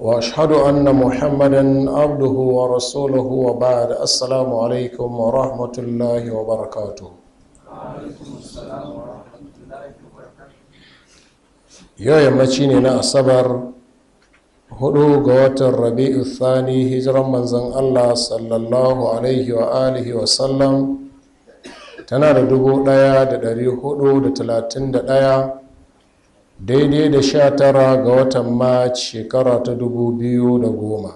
واشهد ان محمدا عبده ورسوله وبعد السلام عليكم ورحمه الله وبركاته yau yammaci ne na asabar hudu ga watan rabi'u thani hijiran manzan allah sallallahu alaihi wa alihi wa sallam tana da dubu daya da dari hudu da talatin da daya daidai da sha tara ga watan march shekara ta dubu biyu da goma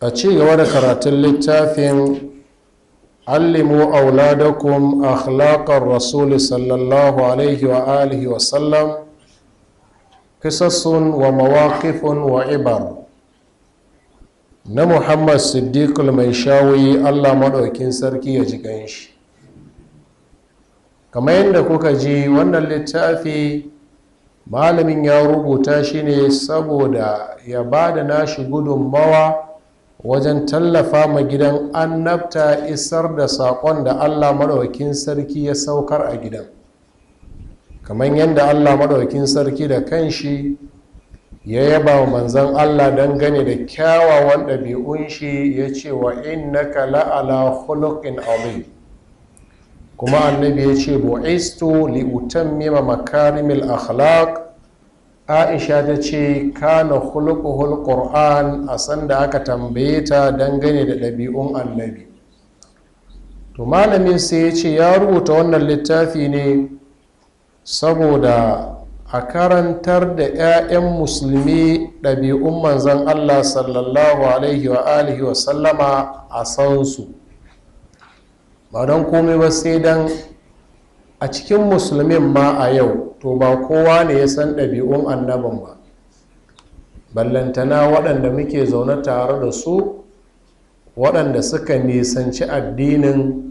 a cigaba da karatun littafin allimu auladakum akhlaqar rasul sallallahu alaihi wa alihi wa sallam kisassun wa mawaqifun wa ibar na muhammad siddiqul mai shawuyi allah maɗaukin sarki ya ji shi kamar yadda kuka ji wannan littafi malamin ya rubuta shi ne saboda ya ba da nashi gudunmawa wajen tallafa ma gidan annabta isar da saƙon da allah maɗaukin sarki ya saukar a gidan kamar yadda allah maɗaukin sarki da kanshi ya yaba wa manzan allah gane da kyawawan ɗabi'un shi ya ce wa innaka la'ala khuluqin aure kuma annabi ya ce bu'istu li utammima makarimil akhlaq aisha ta ce kana khuluquhul qur'an a sanda aka tambaye ta dangane da ɗabi'un annabi to malamin sai ya ce ya rubuta wannan littafi ne saboda a karantar da 'ya'yan musulmi ɗabi'un manzan allah sallallahu alaihi wa alihi wa sallama a sansu ba don komai ba sai don a cikin musulmin ma a yau to ba kowa ne ya san ɗabi'un annabin ba ballantana waɗanda muke zaune tare da su waɗanda suka nisanci addinin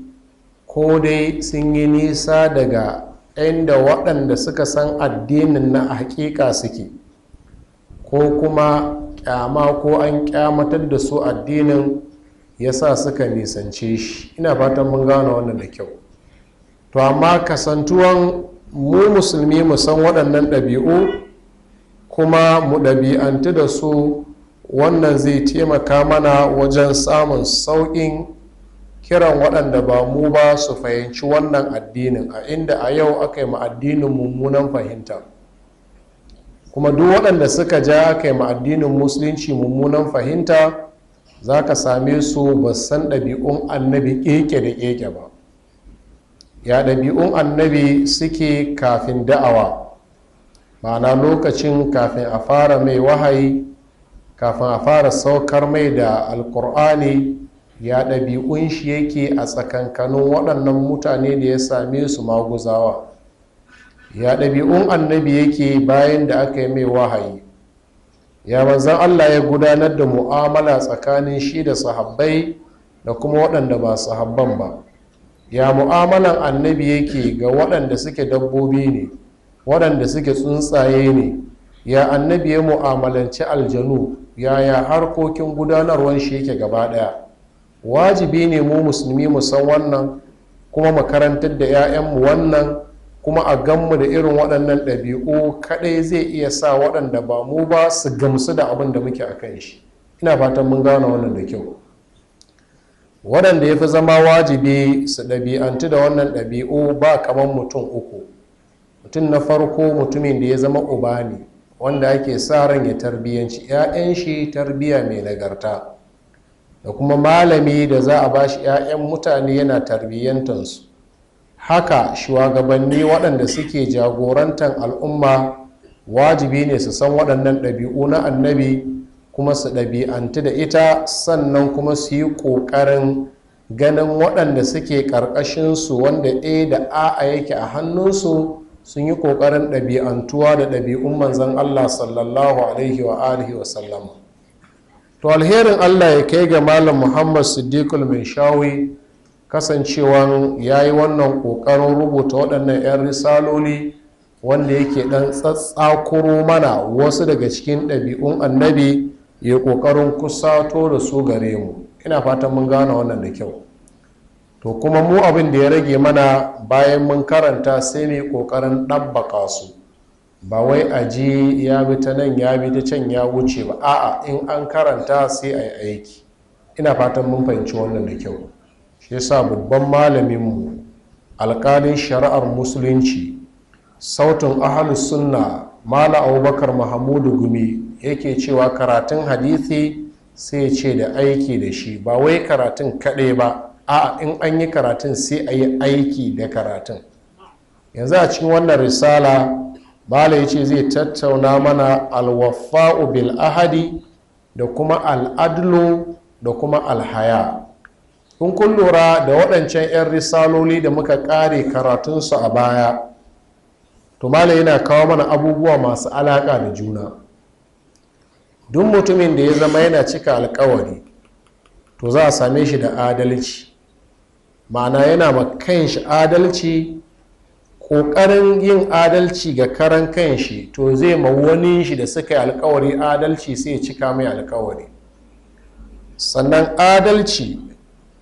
ko dai sun yi nisa daga inda waɗanda suka san addinin na hakika suke ko kuma kyama ko an kyamatar da su addinin ya sa suka nisance shi ina fatan mun gane wannan da kyau to amma kasantuwan mu musulmi mu san waɗannan ɗabi'u kuma mu ɗabi'antu da su wannan zai taimaka mana wajen samun sauƙin kiran waɗanda ba mu ba su fahimci wannan addinin a inda a yau aka yi addinin mummunan fahimta kuma duk waɗanda suka ja aka yi addinin musulunci mummunan fahimta za ka same su ba san ɗabi'un annabi ƙeƙe da ƙeƙe ba ya ɗabi'un annabi suke kafin da'awa ma'ana lokacin kafin a fara mai wahayi kafin a fara saukar mai da alkur'ani ya ɗabi'un shi yake a tsakankanin waɗannan mutane da ya same su maguzawa ya ɗabi'un annabi yake bayan da aka yi mai wahayi ya manzan allah ya gudanar da mu'amala tsakanin shi da sahabbai da kuma waɗanda ba sahabban ba ya mu'amalan annabi yake ga waɗanda suke dabbobi ne waɗanda suke tsuntsaye ne ya annabi ya mu'amalanci aljanu yaya harkokin gudanarwar shi yake gaba ɗaya wajibi ne mu musulmi mu san wannan kuma makarantar da 'ya'yanmu wannan kuma a ganmu da irin waɗannan ɗabi'u kaɗai zai iya sa waɗanda ba mu ba su gamsu da abin da muke a kan shi ina fatan mun gane wannan da kyau waɗanda ya fi zama wajibi su ɗabi'antu da wannan ɗabi'u ba kamar mutum uku mutum na farko mutumin da ya zama uba ne wanda ake sa ran ya tarbiyyanci 'ya'yan shi tarbiyya mai nagarta da kuma malami da za a ba shi 'ya'yan mutane yana tarbiyyantansu haka shugabanni waɗanda suke jagorantar al'umma wajibi ne su san waɗannan ɗabi'u na annabi kuma su ɗabi'antu da ita sannan kuma su yi ƙoƙarin ganin waɗanda suke ƙarƙashinsu wanda a da a a yake a hannunsu sun yi ƙoƙarin ɗabi'antuwa da ɗabi'un manzan allah sallallahu alaihi wa alihi wa sallam to alherin allah ya kai ga malam muhammad siddiqul mai shawi Kasancewa ya yi wannan ƙoƙarin rubuta waɗannan 'yan risaloli wanda yake ɗan tsatsakuro mana wasu daga cikin ɗabi'un annabi ya ƙoƙarin kusato da su gare mu ina fatan mun gane wannan da kyau to kuma mu abin da ya rage mana bayan mun karanta sai mai ƙoƙarin ɗabbaka su ba wai a ji ya bi ta nan ya bi ta can ya wuce ba a'a in an karanta sai a yi aiki ina fatan mun fahimci wannan da kyau shi yasa babban malaminmu alƙalin shari'ar musulunci sautin ahalus sunna mala abubakar mahamudu gumi yake cewa karatun hadithi sai ce da aiki da shi ba wai karatun kaɗai ba a in an yi karatun sai a yi aiki da karatun yanzu a cikin wannan risala bala ya ce zai tattauna mana alwafa'u bil ahadi da kuma al'adlu da kuma alhaya kun kun lura da waɗancan 'yan risaloli da muka ƙare karatunsu a baya to malam yana kawo mana abubuwa masu alaƙa da juna duk mutumin da ya zama yana cika alkawari to za a same shi da adalci ma'ana yana ma kanshi adalci ƙoƙarin yin adalci ga karan kanshi to zai ma wani shi da suka yi alkawari adalci sai ya cika mai alkawari sannan adalci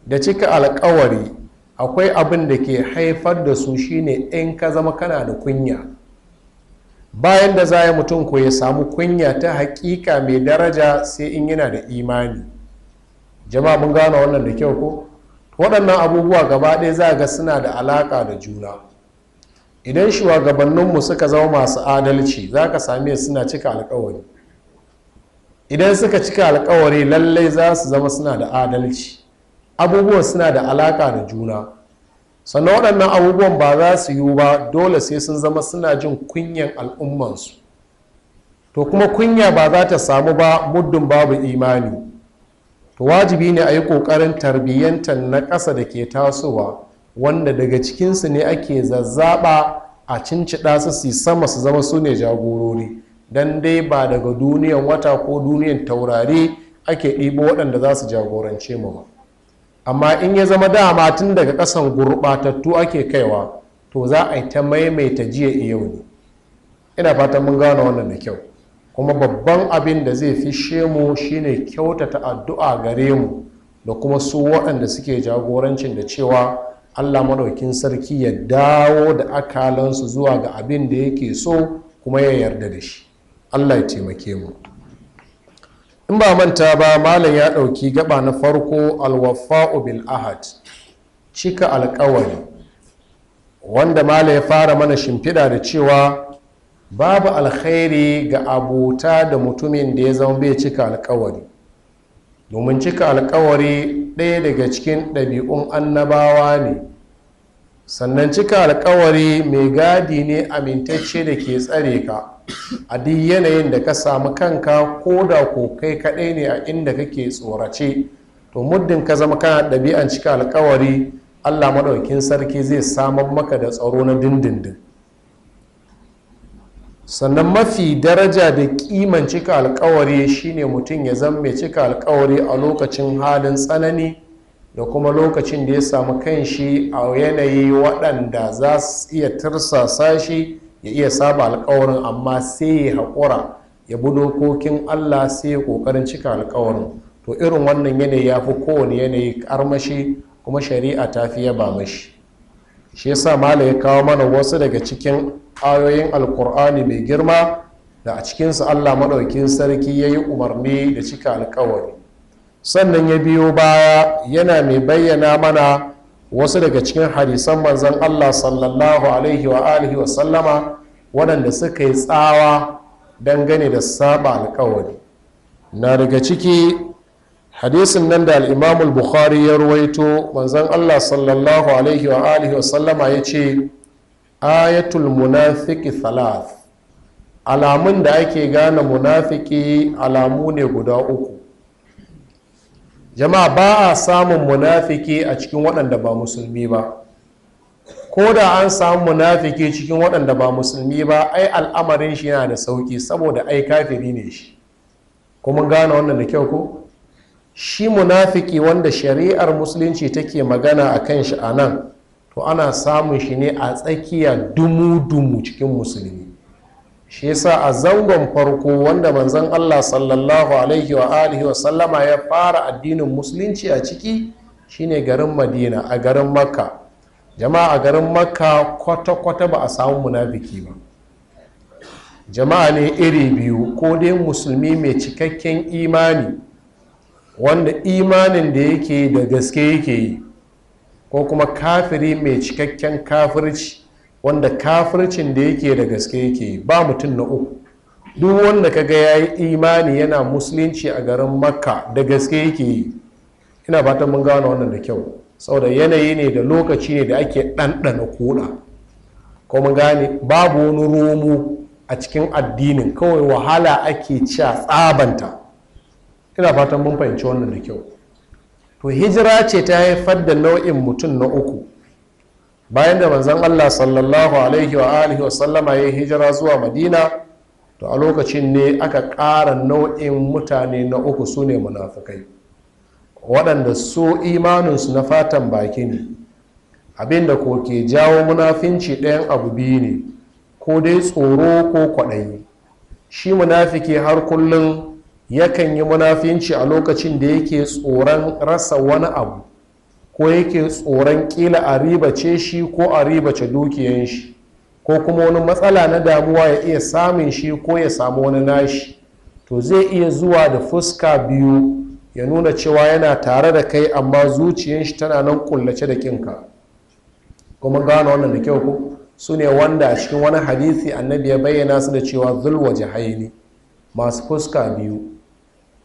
da cika alkawari akwai abin da ke haifar da su shine in ka zama kana da kunya bayan da za mutum ko ya samu kunya ta hakika mai daraja sai in yana da imani jama'a mun gano wannan da kyau ko waɗannan abubuwa gaba ɗaya za a ga suna da alaƙa da juna idan shugabanninmu suka zama masu adalci za ka same suna cika alkawari idan suka cika alkawari lallai za su zama suna da adalci abubuwan suna da alaka da juna sannan waɗannan abubuwan ba za su yiwu ba dole sai sun zama suna jin kunyan al'ummansu to kuma kunya ba za ta samu ba muddin babu imani to wajibi ne a yi ƙoƙarin tarbiyyantar na ƙasa da ke tasowa wanda daga cikinsu ne ake zazzaɓa a cincida su su sama su zama su ne jagorori don dai ba daga duniyan wata ko duniyan taurari ake ɗibo waɗanda za su jagorance mu ba amma in ya zama dama tun daga kasan gurɓatattu ake kaiwa to za a yi ta maimaita jiya yau ne ina fatan mun gane wannan da kyau kuma babban abin da zai fishe mu shine kyautata addu'a gare mu da kuma su waɗanda suke jagorancin da cewa allah maɗaukin sarki ya dawo da akalansu zuwa ga abin da yake so kuma ya yarda da shi allah ya taimake mu in ba manta ba malam ya ɗauki gaba na farko alwafa'u bil ahad cika alkawari wanda malam ya fara mana shimfiɗa da cewa babu alkhairi ga abota da mutumin da ya zama bai cika alkawari domin cika alkawari ɗaya daga cikin ɗabi'un annabawa ne sannan cika alkawari mai gadi ne amintacce da ke tsare ka a duk yanayin da ka samu kanka ko da ko kai kaɗai ne a inda kake tsorace to muddin ka zama kana ɗabi'an cika alkawari allah maɗaukin sarki zai samar maka da tsaro na dindindin sannan mafi daraja da kiman cika alkawari shine mutum ya zama mai cika alkawari a lokacin halin tsanani da kuma lokacin da ya samu kanshi a yanayi waɗanda za su iya tirsasa shi ya iya saba alkawarin amma sai ya haƙura ya bi dokokin allah sai ya ƙoƙarin cika alkawarin to irin wannan yanayi ya fi kowane yanayi karmashi kuma shari'a ta fi yaba mashi shi sa mala ya kawo mana wasu daga cikin ayoyin alkur'ani mai girma da a cikinsu allah maɗaukin sarki ya yi umarni da cika alkawari sannan ya biyo baya yana mai bayyana mana wasu daga cikin hadisan manzan allah sallallahu alaihi wa alihi wa sallama waɗanda suka yi tsawa dangane da saba alkawari na daga ciki hadisin nan da al'imamul bukhari ya ruwaito manzan allah sallallahu alaihi wa alihi wa sallama ya ce ayatul munafiki thalath alamun da ake gane munafiki alamu ne guda uku jama'a ba a samun munafiki a cikin waɗanda ba musulmi ba ko da an samu munafiki cikin waɗanda ba musulmi ba ai al'amarin shi yana da sauki saboda ai kafiri ne shi kuma gane wannan da kyau ko shi munafiki wanda shari'ar musulunci take magana a kan shi a nan to ana samun shi ne a tsakiya dumu-dumu cikin musulmi shi yasa a zangon farko wanda manzon Allah sallallahu alaihi wa alihi wa sallama ya fara addinin musulunci a ciki shine garin Madina a garin Makka jama'a a garin Makka kwata-kwata ba a samu munafiki ba jama'a ne iri biyu ko dai musulmi mai cikakken imani wanda imanin da yake da gaske yake yi ko kuma kafiri mai cikakken kafirci wanda kafircin da yake da gaske yake ba mutum na uku duk wanda kaga ya yi imani yana musulunci a garin makka da gaske yake yi ina fatan mun gano wannan da kyau saboda yanayi ne da lokaci ne da ake ɗanɗana kuɗa ko mun gane babu wani romo a cikin addinin kawai wahala ake ci a tsabanta ina fatan mun fahimci wannan da kyau to hijira ce ta haifar da nau'in mutum na uku bayan da manzon Allah sallallahu alaihi wa alihi sallama ya hijira zuwa madina to a lokacin ne aka ƙara nau'in mutane na uku su ne munafukai waɗanda su imaninsu na fatan baki ne abinda ko ke jawo munafinci ɗayan abu biyu ne ko dai tsoro ko kwaɗayi shi munafiki har kullum yakan yi munafinci a lokacin da yake tsoron rasa wani abu ko yake tsoron kila a ribace shi ko a ribace dukiyan shi ko kuma wani matsala na damuwa ya iya samun shi ko ya samu wani nashi to zai iya zuwa da fuska biyu ya nuna cewa yana tare da kai amma zuciyan shi tana nan kullace da kinka kuma gano wannan da kyau ku su ne wanda a cikin wani hadisi annabi ya bayyana su da cewa zulwa haini masu fuska biyu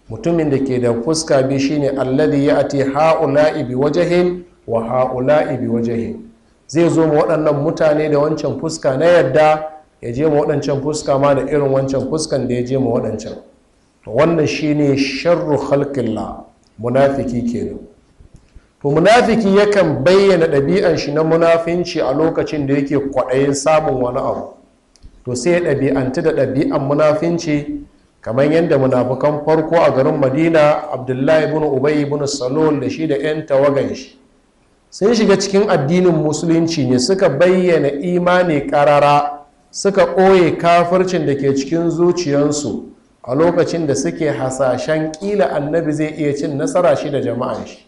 mutumin da ke da fuska biyu shine alladhi ya'ti ha'ula'i bi wajhin wa ha'ula'i bi wajhin zai zo ma waɗannan mutane da wancan fuska na yadda ya je ma waɗancan fuska ma da irin wancan fuskan da ya je ma waɗancan wannan shine sharru khalqillah munafiki kenan to munafiki yakan bayyana ɗabi'an shi na munafinci a lokacin da yake kwaɗayin samun wani abu to sai ya ɗabi'anta da ɗabi'an munafinci kamar yadda munafukan farko a garin madina abdullahi ibn ubay ibn Salon da shi da 'yan tawagan shi sun shiga cikin addinin musulunci ne suka bayyana imani karara suka ɓoye kafircin da ke cikin zuciyarsu a lokacin da suke hasashen ƙila annabi zai iya cin nasara shi da jama'an shi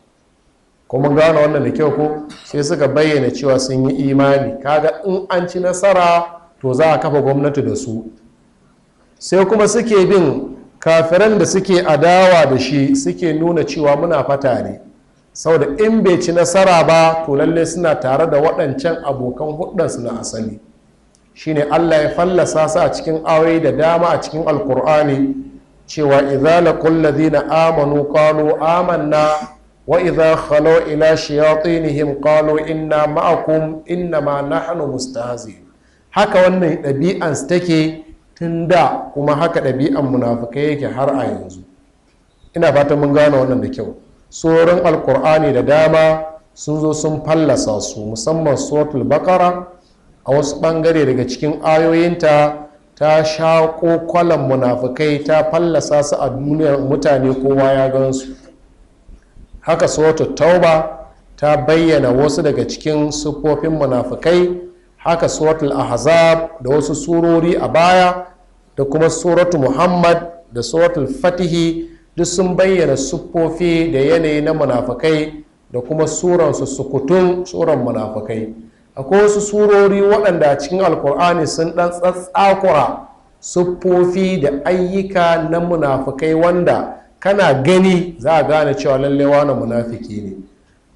kuma gane wannan da kyau ko sai suka bayyana cewa sun yi imani kaga in an ci nasara to za a kafa gwamnati da su sai kuma suke bin kafiran da suke adawa da shi suke nuna cewa muna fata ne saboda in bai ci nasara ba to lalle suna tare da waɗancan abokan hudansu na asali shine allah ya fallasa su a cikin aure da dama a cikin alkur'ani cewa idza laqul ladina amanu qalu amanna wa idza khalo ila shayatinihim qalu inna ma'akum inna ma nahnu mustahzi haka wannan ɗabi'ansu take tun da kuma haka ɗabi'an munafukai yake har a yanzu ina fata mun gane wannan da kyau tsoron alkur'ani da dama sun zo sun fallasa su musamman suratul bakara a wasu ɓangare daga cikin ayoyinta ta shaƙo kwalan munafukai ta fallasa su a duniyar mutane kowa ya gansu haka suratul tauba ta bayyana wasu daga cikin siffofin munafukai haka suratul ahzab da wasu surori a baya da kuma suratu muhammad da suratul fatihi duk sun bayyana siffofi da yanayi na munafukai da kuma suransu sukutun suran munafukai akwai wasu surori waɗanda a cikin alkur'ani sun ɗan tsatsakura siffofi da ayyuka na munafukai wanda kana gani za a gane cewa lallai na munafiki ne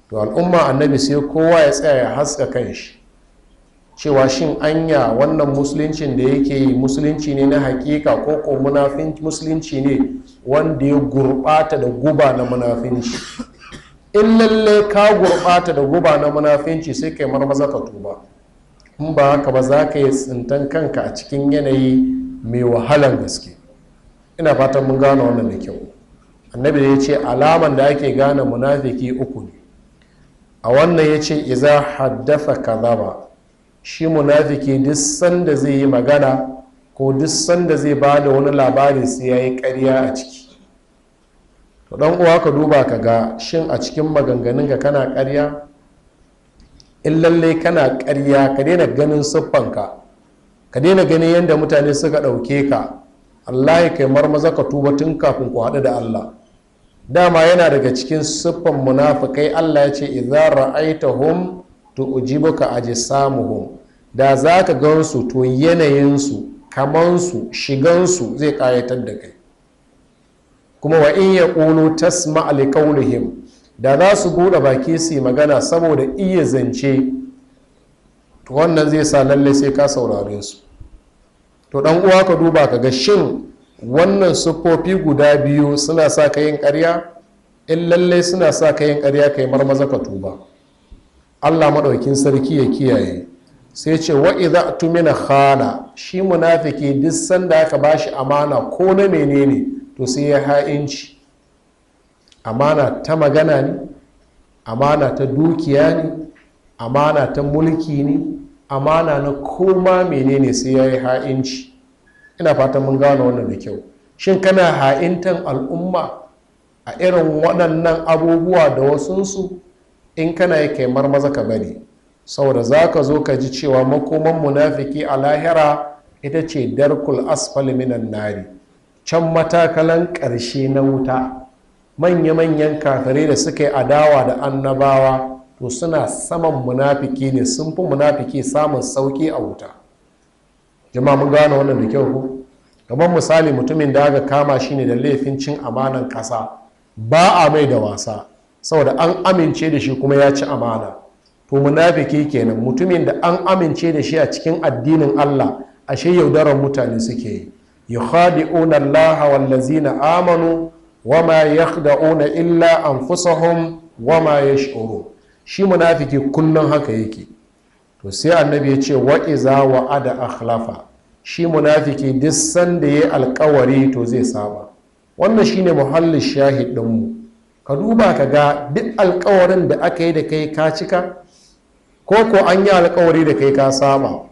to al'umma annabi sai kowa ya tsaya ya haska kan shi cewa shin anya wannan musuluncin da yake yi musulunci ne na hakika ko ko musulunci ne wanda ya gurbata da guba na munafinci in lalle ka gurbata da guba na munafinci sai kai marmaza ka tuba in ba haka ba za ka yi tsintan kanka a cikin yanayi mai wahalan gaske ina fatan mun gane wannan da kyau annabi da ya ce alaman da ake gane munafiki uku ne a wannan ya ce iza haddafa kazaba shi munafiki duk sanda zai yi magana ko duk sanda zai ba da wani labari sai ya yi karya a ciki to dan uwa ka duba ka ga shin a cikin maganganun ka kana karya in lalle kana karya ka daina ganin siffanka ka daina ganin yadda mutane suka ɗauke ka allah ya kai marmaza ka tuba tun kafin ku haɗu da allah dama yana daga cikin siffan munafikai allah ya ce ra'aita ra'aitahum to ka ujibuka ajisamuhum da za ka gansu to yanayinsu kamansu shigansu zai ƙayatar da kai kuma wa in ya ƙulu tasma alikaunihim da za su buɗe baki su yi magana saboda iya zance to wannan zai sa lalle sai ka saurare su to ɗan uwa ka duba ka ga shin wannan siffofi guda biyu suna sa ka yin ƙarya in lalle suna sa ka yin ƙarya ka yi marmaza ka tuba allah maɗaukin sarki ya kiyaye sai ce wa idza tumina khana shi munafiki duk sanda aka bashi amana ko na menene to sai ya ha'inci amana ta magana ne amana ta dukiya ne amana ta mulki ne amana na koma menene sai ya yi ha'inci ina fata mun gano wannan da kyau shin kana ha'intan al'umma a irin waɗannan abubuwa da wasunsu in kana yi kai maza ka bari saboda za ka zo ka ji cewa makoman munafiki a lahira ita ce darkul asfal minan nari can matakalan ƙarshe na wuta manya-manyan kafirai da suka yi adawa da annabawa to suna saman munafiki ne sun fi munafiki samun sauki a wuta jama'a mun gane wannan da kyau ku kamar misali mutumin da aka kama shi ne da laifin cin amanan ƙasa ba a mai da wasa saboda an amince da shi kuma ya ci amana to munafiki kenan mutumin da an amince da shi a cikin addinin Allah ashe yaudarar mutane suke yi yukhadi'una Allah wallazina amanu wama yakhda'una illa anfusahum wama yash'urun shi munafiki kullum haka yake to sai annabi ya ce wa iza wa ada akhlafa shi munafiki duk sanda yayi alkawari to zai saba wannan shine muhallin shahid mu ka duba ka ga duk alkawarin da aka yi da kai ka cika ko ko an yi alkawari da kai ka saba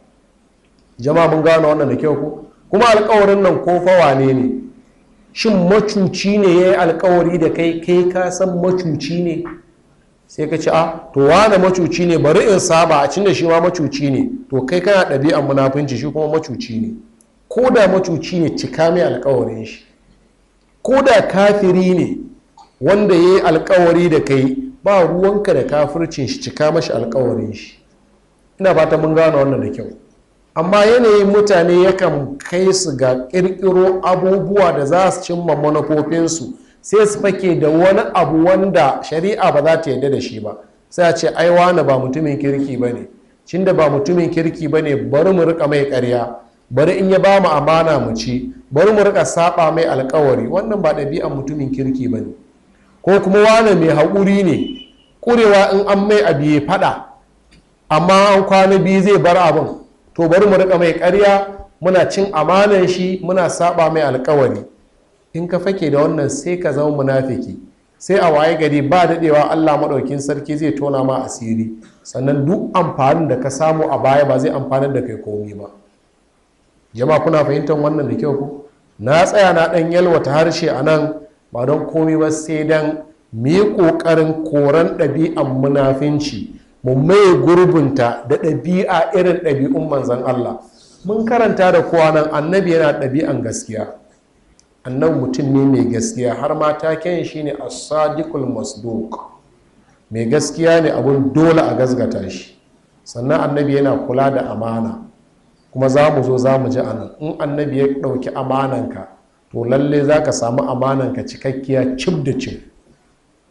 jama'a mun gano wannan da kyau ko kuma alkawarin nan ko fawa ne ne shin macuci ne ya yi alkawari da kai kai ka san macuci ne sai ka ci a ah, to wane macuci ne bari in saba a cin da shi ma macuci ne to kai kana ɗabi'an munafunci shi kuma macuci ne ko da macuci ne cika mai alkawarin shi ko da kafiri ne wanda ya yi alkawari da kai ba ruwanka da kafircin shi cika mashi alkawarin shi ina fata mun gano wannan da kyau amma yanayin mutane yakan kai su ga ƙirƙiro abubuwa da za su cimma manufofinsu sai su fake da wani abu wanda shari'a ba za ta yarda da shi ba sai a ce ai wani ba mutumin kirki ba ne cin da ba mutumin kirki ba ne bari mu rika mai karya bari in ya ba mu amana mu ci bari mu rika saba mai alkawari wannan ba ɗabi'an mutumin kirki ba ne ko kuma wane mai haƙuri ne ƙurewa in an mai abu ya faɗa amma an kwana biyu zai bar abin to bari mu riƙa mai ƙarya muna cin amanan shi muna saba mai alkawari in ka fake da wannan sai ka zama munafiki sai a waye gari ba daɗewa allah maɗaukin sarki zai tona ma asiri sannan duk amfanin da ka samu a baya ba zai amfani da kai komi ba jama'a kuna fahimtar wannan da kyau ku na tsaya na ɗan yalwata harshe a nan ba don komi ba sai don mu yi ƙoƙarin koran ɗabi'an munafinci mu maye gurbinta da ɗabi'a irin ɗabi'un manzan Allah mun karanta da kowa nan annabi yana ɗabi'an gaskiya annabi mutum ne mai gaskiya har ma taken shi ne a sadiqul masduq mai gaskiya ne abun dole a gasgata shi sannan annabi yana kula da amana kuma za mu zo za mu ji anan in annabi ya ɗauki amanan ka to lalle za ka samu amananka cikakkiya cib da cib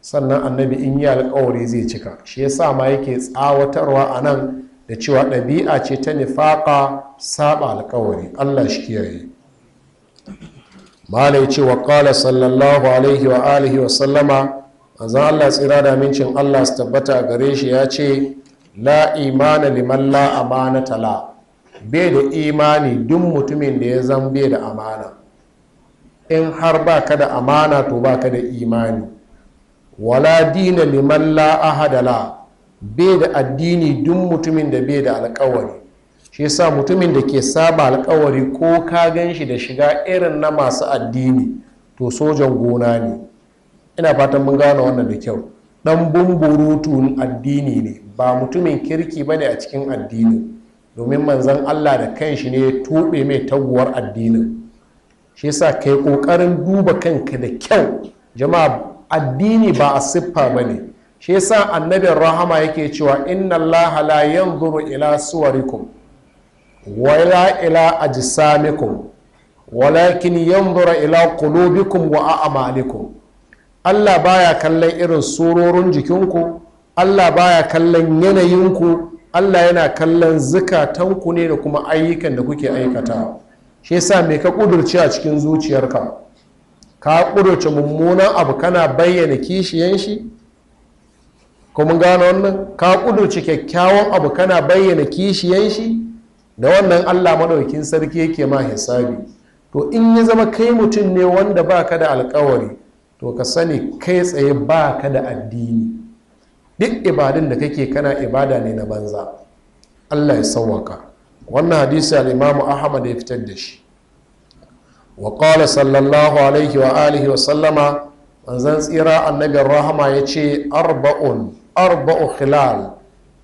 sannan annabi in yi alkawari zai cika shi ya sa ma yake tsawatarwa a nan da cewa ɗabi'a ce ta nifaƙa saba alkawari allah shi kiyaye malai ce wa ƙala sallallahu alaihi wa alihi wa sallama manzan allah tsira da mincin allah su tabbata gare shi ya ce la imana liman la amana tala bai da imani duk mutumin da ya zan bai da amana in har ba ka da amana to ba ka da imani wala dina liman la ahadala bai da addini duk mutumin da bai da alkawari shi yasa mutumin da ke saba alkawari ko ka gan shi da shiga irin na masu addini to sojan gona ne ina fatan mun gane wannan da kyau dan bumburutun addini ne ba mutumin kirki ba ne a cikin addini domin manzon Allah da kanshi ne tobe mai taguwar addinin shi yasa kai kokarin duba kanka da kyau jama'a addini ba a siffa ba ne shi yasa annabin rahama yake cewa inna allaha la yanzuru ila suwarikum wala ila ajsamikum walakin yanzura ila qulubikum wa a'malikum Allah baya kallon irin surorin jikinku Allah baya kallon yanayinku Allah yana kallon zukatanku ne da kuma ayyukan da kuke aikatawa shi yasa me ka ƙudurci a cikin zuciyarka ka kudurce mummunan abu kana bayyana kishiyan shi kuma gano wannan ka kudurce kyakkyawan abu kana bayyana kishiyan shi da wannan allah maɗaukin sarki yake ma hisabi to in ya zama kai mutum ne wanda ba ka da alkawari to ka sani kai tsaye ba ka da addini duk ibadun da kake kana ibada ne na banza allah ya sauwaka wannan hadisi al'imamu ahmad ya fitar da shi wa qala sallallahu alaihi wa alihi wa sallama manzan tsira annabin rahama ya ce arba'un arba'u khilal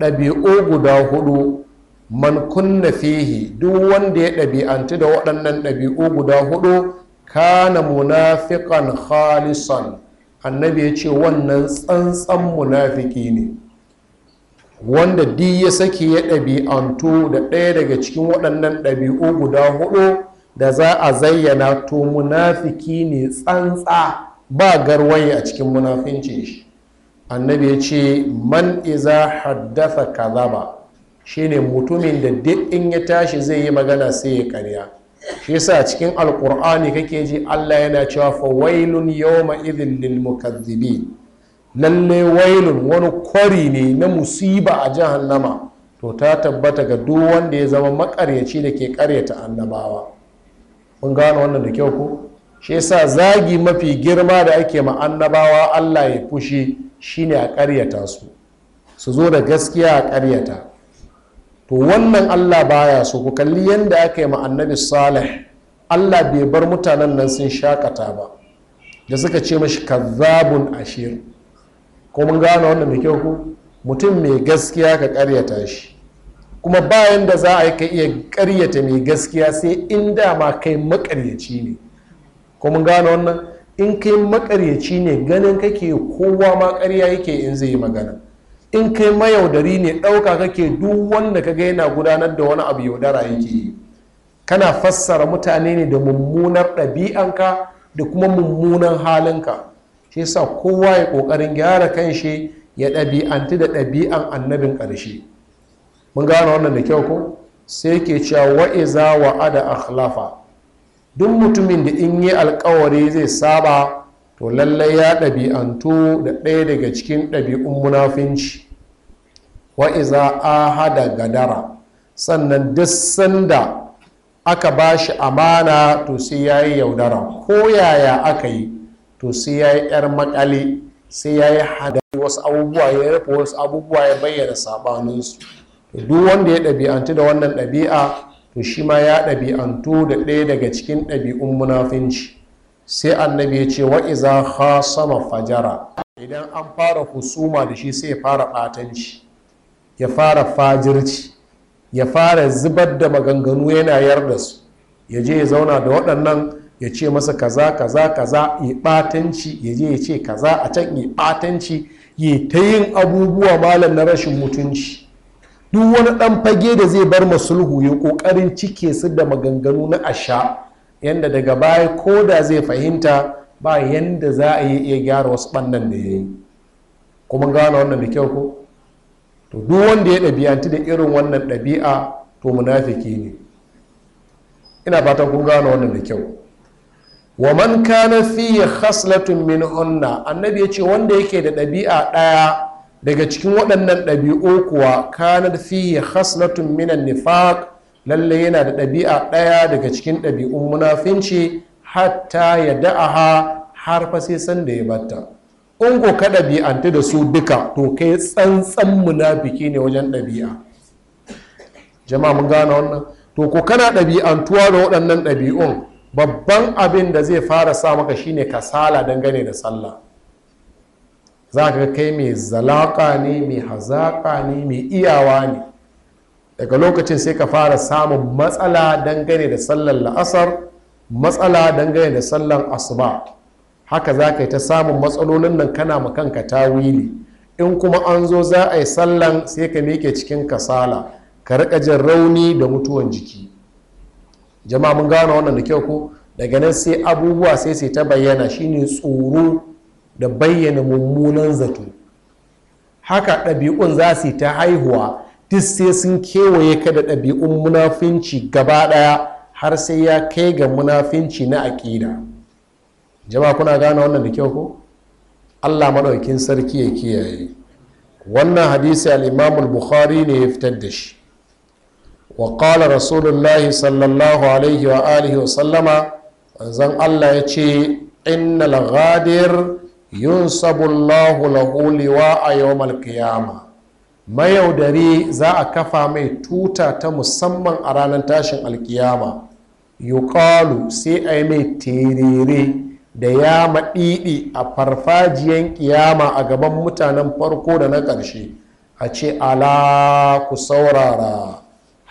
ɗabi'u guda hudu man kunna fihi duk wanda ya ɗabi'antu da waɗannan ɗabi'u guda hudu kana munafiqan khalisan annabi ya ce wannan tsantsan munafiki ne wanda di ya sake ya ɗabi'antu da ɗaya daga cikin waɗannan ɗabi'u guda hudu da za a zayyana to munafiki ne tsantsa ba garwaye a cikin munafincin shi annabi ya ce man iza haddasa kazaba shine mutumin da duk in ya tashi zai yi magana sai ya karya shi yasa cikin alkur'ani kake ji allah yana cewa fawailun yawma idhin lil mukazzibin lalle wailun wani kwari ne na musiba a jahannama to ta tabbata ga duk wanda ya zama makaryaci da ke karyata annabawa mun gano wannan da kyau ko shi yasa zagi mafi girma da ake ma annabawa allah ya fushi shine a karyata su su zo da gaskiya a karyata to wannan allah baya so ku kalli yadda aka yi ma annabi salih allah bai bar mutanen nan sun shakata ba da suka ce mashi kazzabun ashir ko mun gano wannan mai kyau ku mutum mai gaskiya ka karyata shi kuma bayan da za a yi ka iya karyata mai gaskiya sai in dama kai makaryaci ne ko mun gano wannan in kai makaryaci ne ganin kake kowa ma karya yake in zai yi magana in kai mayaudari ne ɗauka kake duk wanda kaga yana gudanar da wani abu yaudara yake yi kana fassara mutane ne da mummunar ɗabi'anka da kuma mummunan halinka shi yasa kowa ya kokarin gyara kanshi ya ɗabi'anti da ɗabi'an annabin ƙarshe mun gane wannan da kyau ko sai ke cewa wa'iza wa'ada akhlafa duk mutumin da in yi alkawari zai saba to lallai ya ɗabi'antu da ɗaya daga cikin ɗabi'un munafinci wa'iza ahada gadara sannan duk sanda aka ba shi amana to sai ya yi yaudara ko yaya aka yi to sai ya yi yar makale sai ya yi hadari wasu abubuwa ya rufe wasu abubuwa ya bayyana sabaninsu to duk wanda ya ɗabi'antu da wannan ɗabi'a to shi ma ya ɗabi'antu da ɗaya daga cikin ɗabi'un munafinci sai annabi ya ce wa iza khasama fajara idan an fara husuma da shi sai ya fara ɓatanci ya fara fajirci ya fara zubar da maganganu yana yar da su ya je ya zauna da waɗannan ya ce masa kaza kaza kaza ya batanci ya je ya ce kaza a can ya batanci ya ta yin abubuwa malam na rashin mutunci duk wani ɗan fage da zai bar masulhu ya ƙoƙarin cike su da maganganu na asha yanda daga baya ko da zai fahimta ba yanda za a yi iya gyara wasu bannan da ya yi kuma gane wannan da kyau ko to duk wanda ya ɗabi'anti da irin wannan ɗabi'a to munafiki ne ina fatan kun gane wannan da kyau wa man kana fiye khaslatun min hunna annabi ya ce wanda yake da ɗabi'a ɗaya daga cikin waɗannan ɗabi'u kuwa kana fiye khaslatun min nifaq lalle yana da ɗabi'a ɗaya daga cikin ɗabi'un munafinci hatta ya da'aha har fa sai san da ya batta in ko ka ɗabi'anta da su duka to kai tsantsan munafiki ne wajen ɗabi'a jama'a mun gane wannan to ko kana ɗabi'antuwa da waɗannan ɗabi'un babban abin da zai fara sa maka shine kasala dangane da sallah za ka kai mai zalaka ne mai hazaka ne mai iyawa ne daga lokacin sai ka fara samun matsala dangane da sallar la'asar matsala dangane da sallar asuba haka za ka yi ta samun matsalolin nan kana ma kanka tawili in kuma an zo za a yi sallan sai ka miƙe cikin kasala ka riƙa jin rauni da mutuwan jiki jama'a mun gano wannan da kyau ko daga nan sai abubuwa sai sai ta bayyana shine tsoro da bayyana mummunan zato haka ɗabi'un za su ta haihuwa duk sai sun kewaye ka da ɗabi'un munafinci gaba ɗaya har sai ya kai ga munafinci na aƙida jama'a kuna gane wannan da kyau ko allah maɗaukin sarki ya kiyaye wannan hadisi al bukhari ne ya fitar da shi wa qala rasulullahi sallallahu zan allah ya ce innal ghadir yunsabu allahu lahu liwa a yawmal qiyama mayaudari za a kafa mai tuta ta musamman a ranar tashin alkiyama yuqalu sai a yi mai terere da ya maɗiɗi a farfajiyan ƙiyama a gaban mutanen farko da na ƙarshe a ce ala ku saurara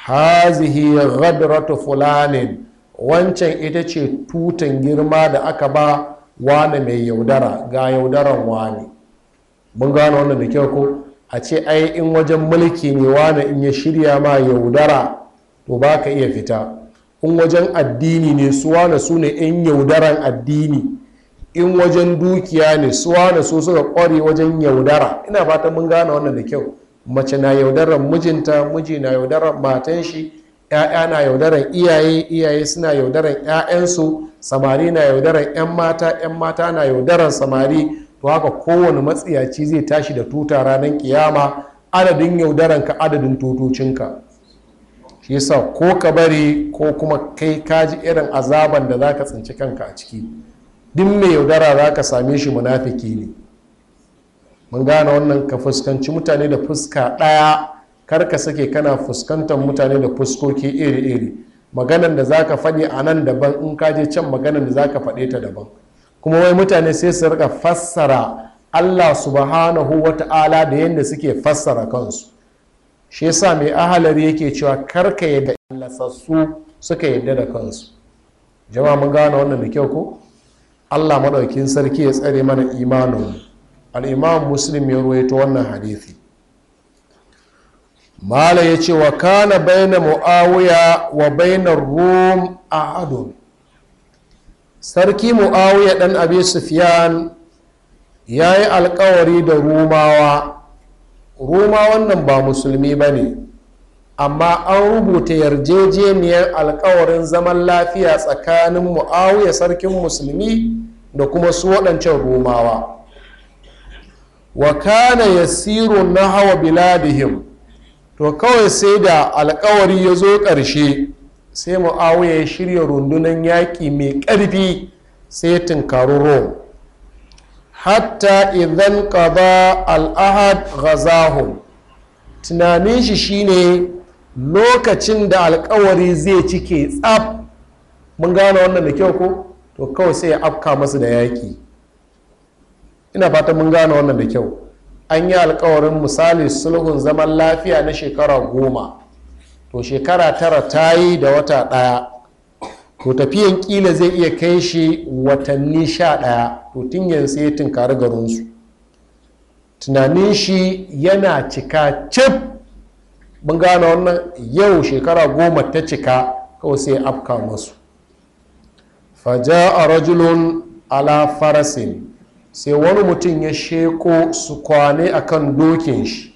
hazihi ghadratu fulanin wancan ita ce tutan girma da aka ba wane mai yaudara ga yaudaran wane mun gano wannan da kyau ko a ce ai in wajen mulki ne wane in ya shirya ma yaudara to ba ka iya fita in wajen addini ne su wane su ne in yaudaran addini in wajen dukiya ne su wane su suka kware wajen yaudara ina fatan mun gano wannan da kyau mace na yaudarar mijinta miji na yaudarar matan shi ‘ya'ya na yaudarar iyaye iyaye suna yaudarar ‘ya'yansu samari na yaudarar ‘yan mata ‘yan mata na yaudarar samari to haka kowane matsiyaci zai tashi da tuta ranar kiyama adadin ka adadin tutocinka shi yasa ko ka bari ko kuma kai kaji irin azaban da za ka tsinci kanka a ciki duk mai yaudara za ka same shi munafiki ne mun gane wannan ka fuskanci mutane da fuska ɗaya kar ka sake kana fuskantar mutane da fuskoki iri-iri maganan da za ka faɗi a nan daban in ka je can maganan da za ka faɗe ta daban kuma wai mutane sai su rika fassara allah subhanahu wa ta'ala da yadda suke fassara kansu shi yasa mai ahalari yake cewa kar ka yadda lasassu suka yadda da kansu Jama mun gane wannan da kyau ko allah maɗaukin sarki ya tsare mana imanin al'imam muslim ya ruwaito wannan hadithi mala ya ce wa kana baina mu'awiya wa baina rum a adon sarki mu'awiya dan abi sufyan ya yi alkawari da rumawa ruma wannan ba musulmi ba ne amma an rubuta yarjejeniyar alkawarin zaman lafiya tsakanin mu'awiya sarkin musulmi da kuma su waɗancan rumawa wa kana na hawa biladihim to kawai sai da alkawari ya zo ƙarshe sai mu'awiya ya shirya rundunan yaƙi mai ƙarfi sai ya tunkaru rome hatta idan qada al'ahad ghazahum tunanin shi shine lokacin da alkawari zai cike tsaf mun gane wannan da kyau ko to kawai sai ya afka masu da yaƙi ina fata mun gane wannan da kyau an yi alkawarin misali sulhun zaman lafiya na shekara goma to shekara tara ta yi da wata ɗaya to tafiyan kila zai iya kai shi watanni sha ɗaya to tun yanzu ya tunkari garinsu tunanin shi yana cika cif mun gane wannan yau shekara goma ta cika kawai sai afka masu faja a rajulun ala farasin sai wani mutum ya sheko su kwane a kan dokin shi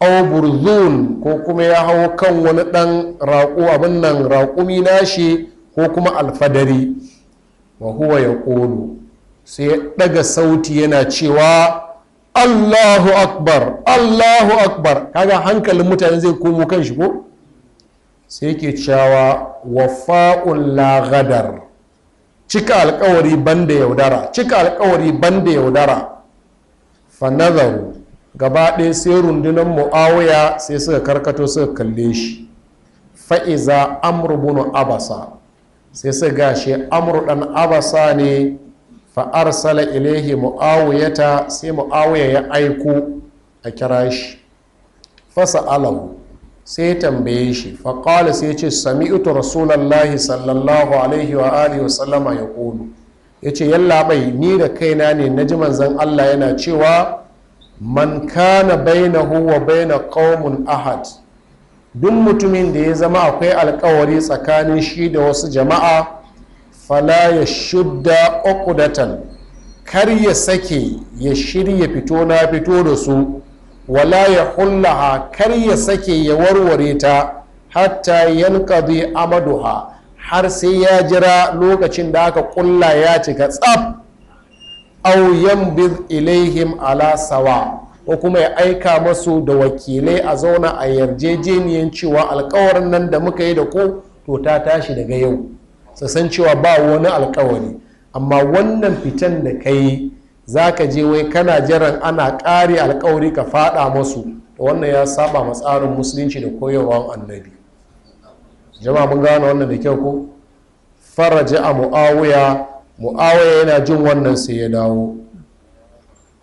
auburzun ko kuma ya hau kan wani dan raƙo abin nan raƙumi nashi ko kuma alfadari wa huwa ya ƙolo sai ya ɗaga sauti yana cewa allahu akbar allahu akbar kaga hankalin mutane zai komo kan shi ko sai ke cewa wafa'un lagadar cika alkawari banda yaudara cika alkawari banda yaudara fanazaru gaba ɗaya sai rundunan mu'awiya sai suka karkato suka kalle shi fa'iza bunu abasa sai su gashe amur ɗan abasa ne fa'arsala ilaihi mu'awiyata sai mu'awiya ya aiko a kira shi fasa alahu sai tambaye shi faƙala sai ce sami'utu rasulallahi sallallahu alaihi wa alihi wa sallama ya ƙulu ya ce yallaɓai ni da kaina ne na ji manzan allah yana cewa man kana bainahu wa baina qaumun ahad duk mutumin da ya zama akwai alkawari tsakanin shi da wasu jama'a fala ya shudda uqdatan kar ya sake ya shirya fito na fito da su wala ya hullaha kar ya sake ya warware ta hatta yanqadi amaduha har sai ya jira lokacin da aka kulla ya cika tsaf aw yanbid ilaihim ala sawa ko kuma ya aika masu da wakilai a zauna a yarjejeniyan cewa alkawarin nan da muka yi da ku to ta tashi daga yau su cewa ba wani alkawari amma wannan fitan da ka za ka je wai kana jiran ana ƙari alkawari ka faɗa masu wannan ya saba ma tsarin musulunci da koyarwar annabi jama'a mun gane wannan da kyau ko faraja a mu'awiya mu'awiya yana jin wannan sai ya dawo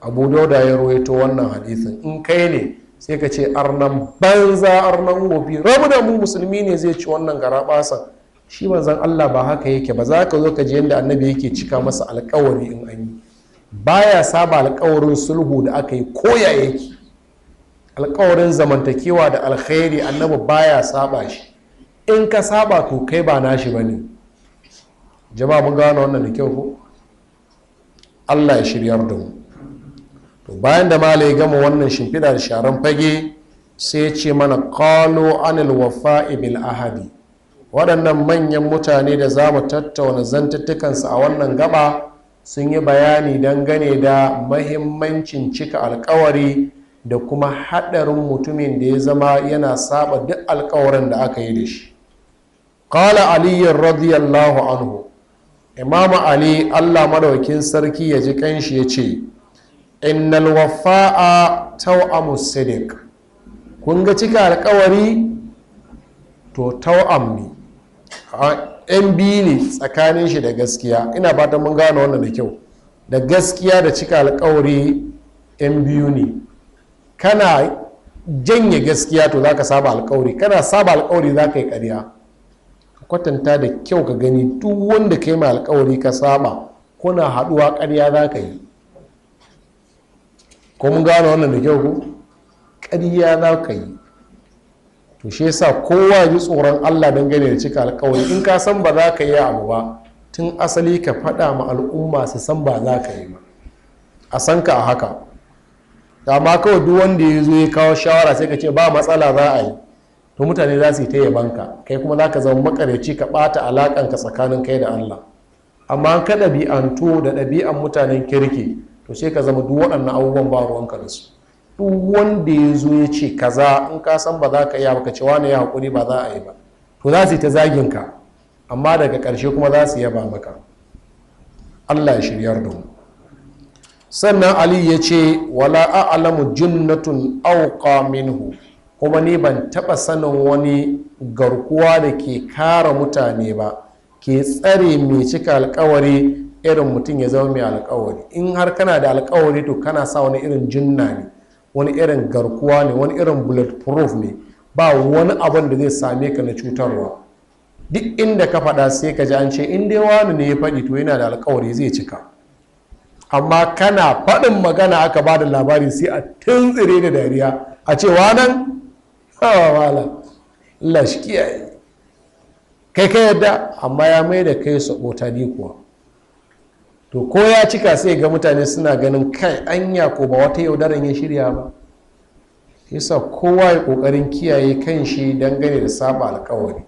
abu dauda ya ruwaito wannan hadisin in kai ne sai ka ce arnan banza arnan gobe rabu da mu musulmi ne zai ci wannan garaɓasa shi manzon allah ba haka yake ba za ka zo ka ji yadda annabi yake cika masa alkawari in an yi baya saba alkawarin sulhu da aka yi koya yake alkawarin zamantakewa da alkhairi annabi baya saba shi in ka saba to kai ba nashi ba ne jama'a mun gano wannan da kyau ko allah ya shiryar da mu to bayan da mala ya gama wannan shimfiɗa da sharan fage sai ya ce mana Kano, anil Wafa, Ibil, ahadi waɗannan manyan mutane da za mu tattauna zantattukansu a wannan gaba sun yi bayani dangane da mahimmancin cika alkawari da kuma haɗarin mutumin da ya zama yana saba duk alkawarin da aka yi da shi ƙala aliyu radiyallahu anhu Imam ali allah madawakin sarki ya ji kanshi ya ce innal wafa'a tau'amu Sadiq, kun ga cika alkawari to taw'am ne yan biyu ne tsakanin shi da gaskiya ina fatan mun gano wannan da kyau da gaskiya da cika alkawari yan biyu ne kana janye gaskiya to zaka saba alkawari kana saba alkawari zaka yi karya ka kwatanta da kyau ka gani duk wanda ka yi ma alkawari ka saba kuna haduwa za zaka yi ko mun gano wannan da kyau ku karya za ka yi to shi yasa kowa yi tsoron allah dangane da cika alkawari in ka san ba za ka yi abu ba tun asali ka faɗa ma al'umma su san ba za ka yi ba a san ka a haka amma kawai duk wanda ya zo ya kawo shawara sai ka ce ba matsala za a yi to mutane za su yi ta banka kai kuma za ka zama makareci ka ɓata ka tsakanin kai da allah amma ka ɗabi'antu da ɗabi'an mutanen kirki to sai ka zama duk waɗannan abubuwan ba ruwanka da su duk wanda ya zo ya ce kaza in ka san ba za ka iya baka ce wani ya haƙuri ba za a yi ba to za su yi ta zagin ka amma daga ƙarshe kuma za su yaba maka allah ya shiryar da mu sannan ali ya ce wala a'lamu jinnatun auka minhu kuma ni ban taɓa sanin wani garkuwa da ke kara mutane ba ke tsare mai cika alkawari irin mutum ya zama mai alkawari in har kana da alkawari to kana sa wani irin jinna ne wani irin garkuwa ne wani irin bulletproof ne ba wani abin da zai same ka na cutarwa duk inda ka faɗa sai ka ji an ce in dai wani ne ya faɗi to yana da alkawari zai cika amma kana faɗin magana aka ba da labari sai a tuntsire da dariya a ce wanan hawa Allah shi kiyaye kai ka yadda amma ya mai da kai sabota, kuwa to ko ya cika sai ga mutane suna ganin kai anya ko ba wata yaudaran ya shirya ba yasa kowa ya kokarin kiyaye kan shi dangane da saba alkawari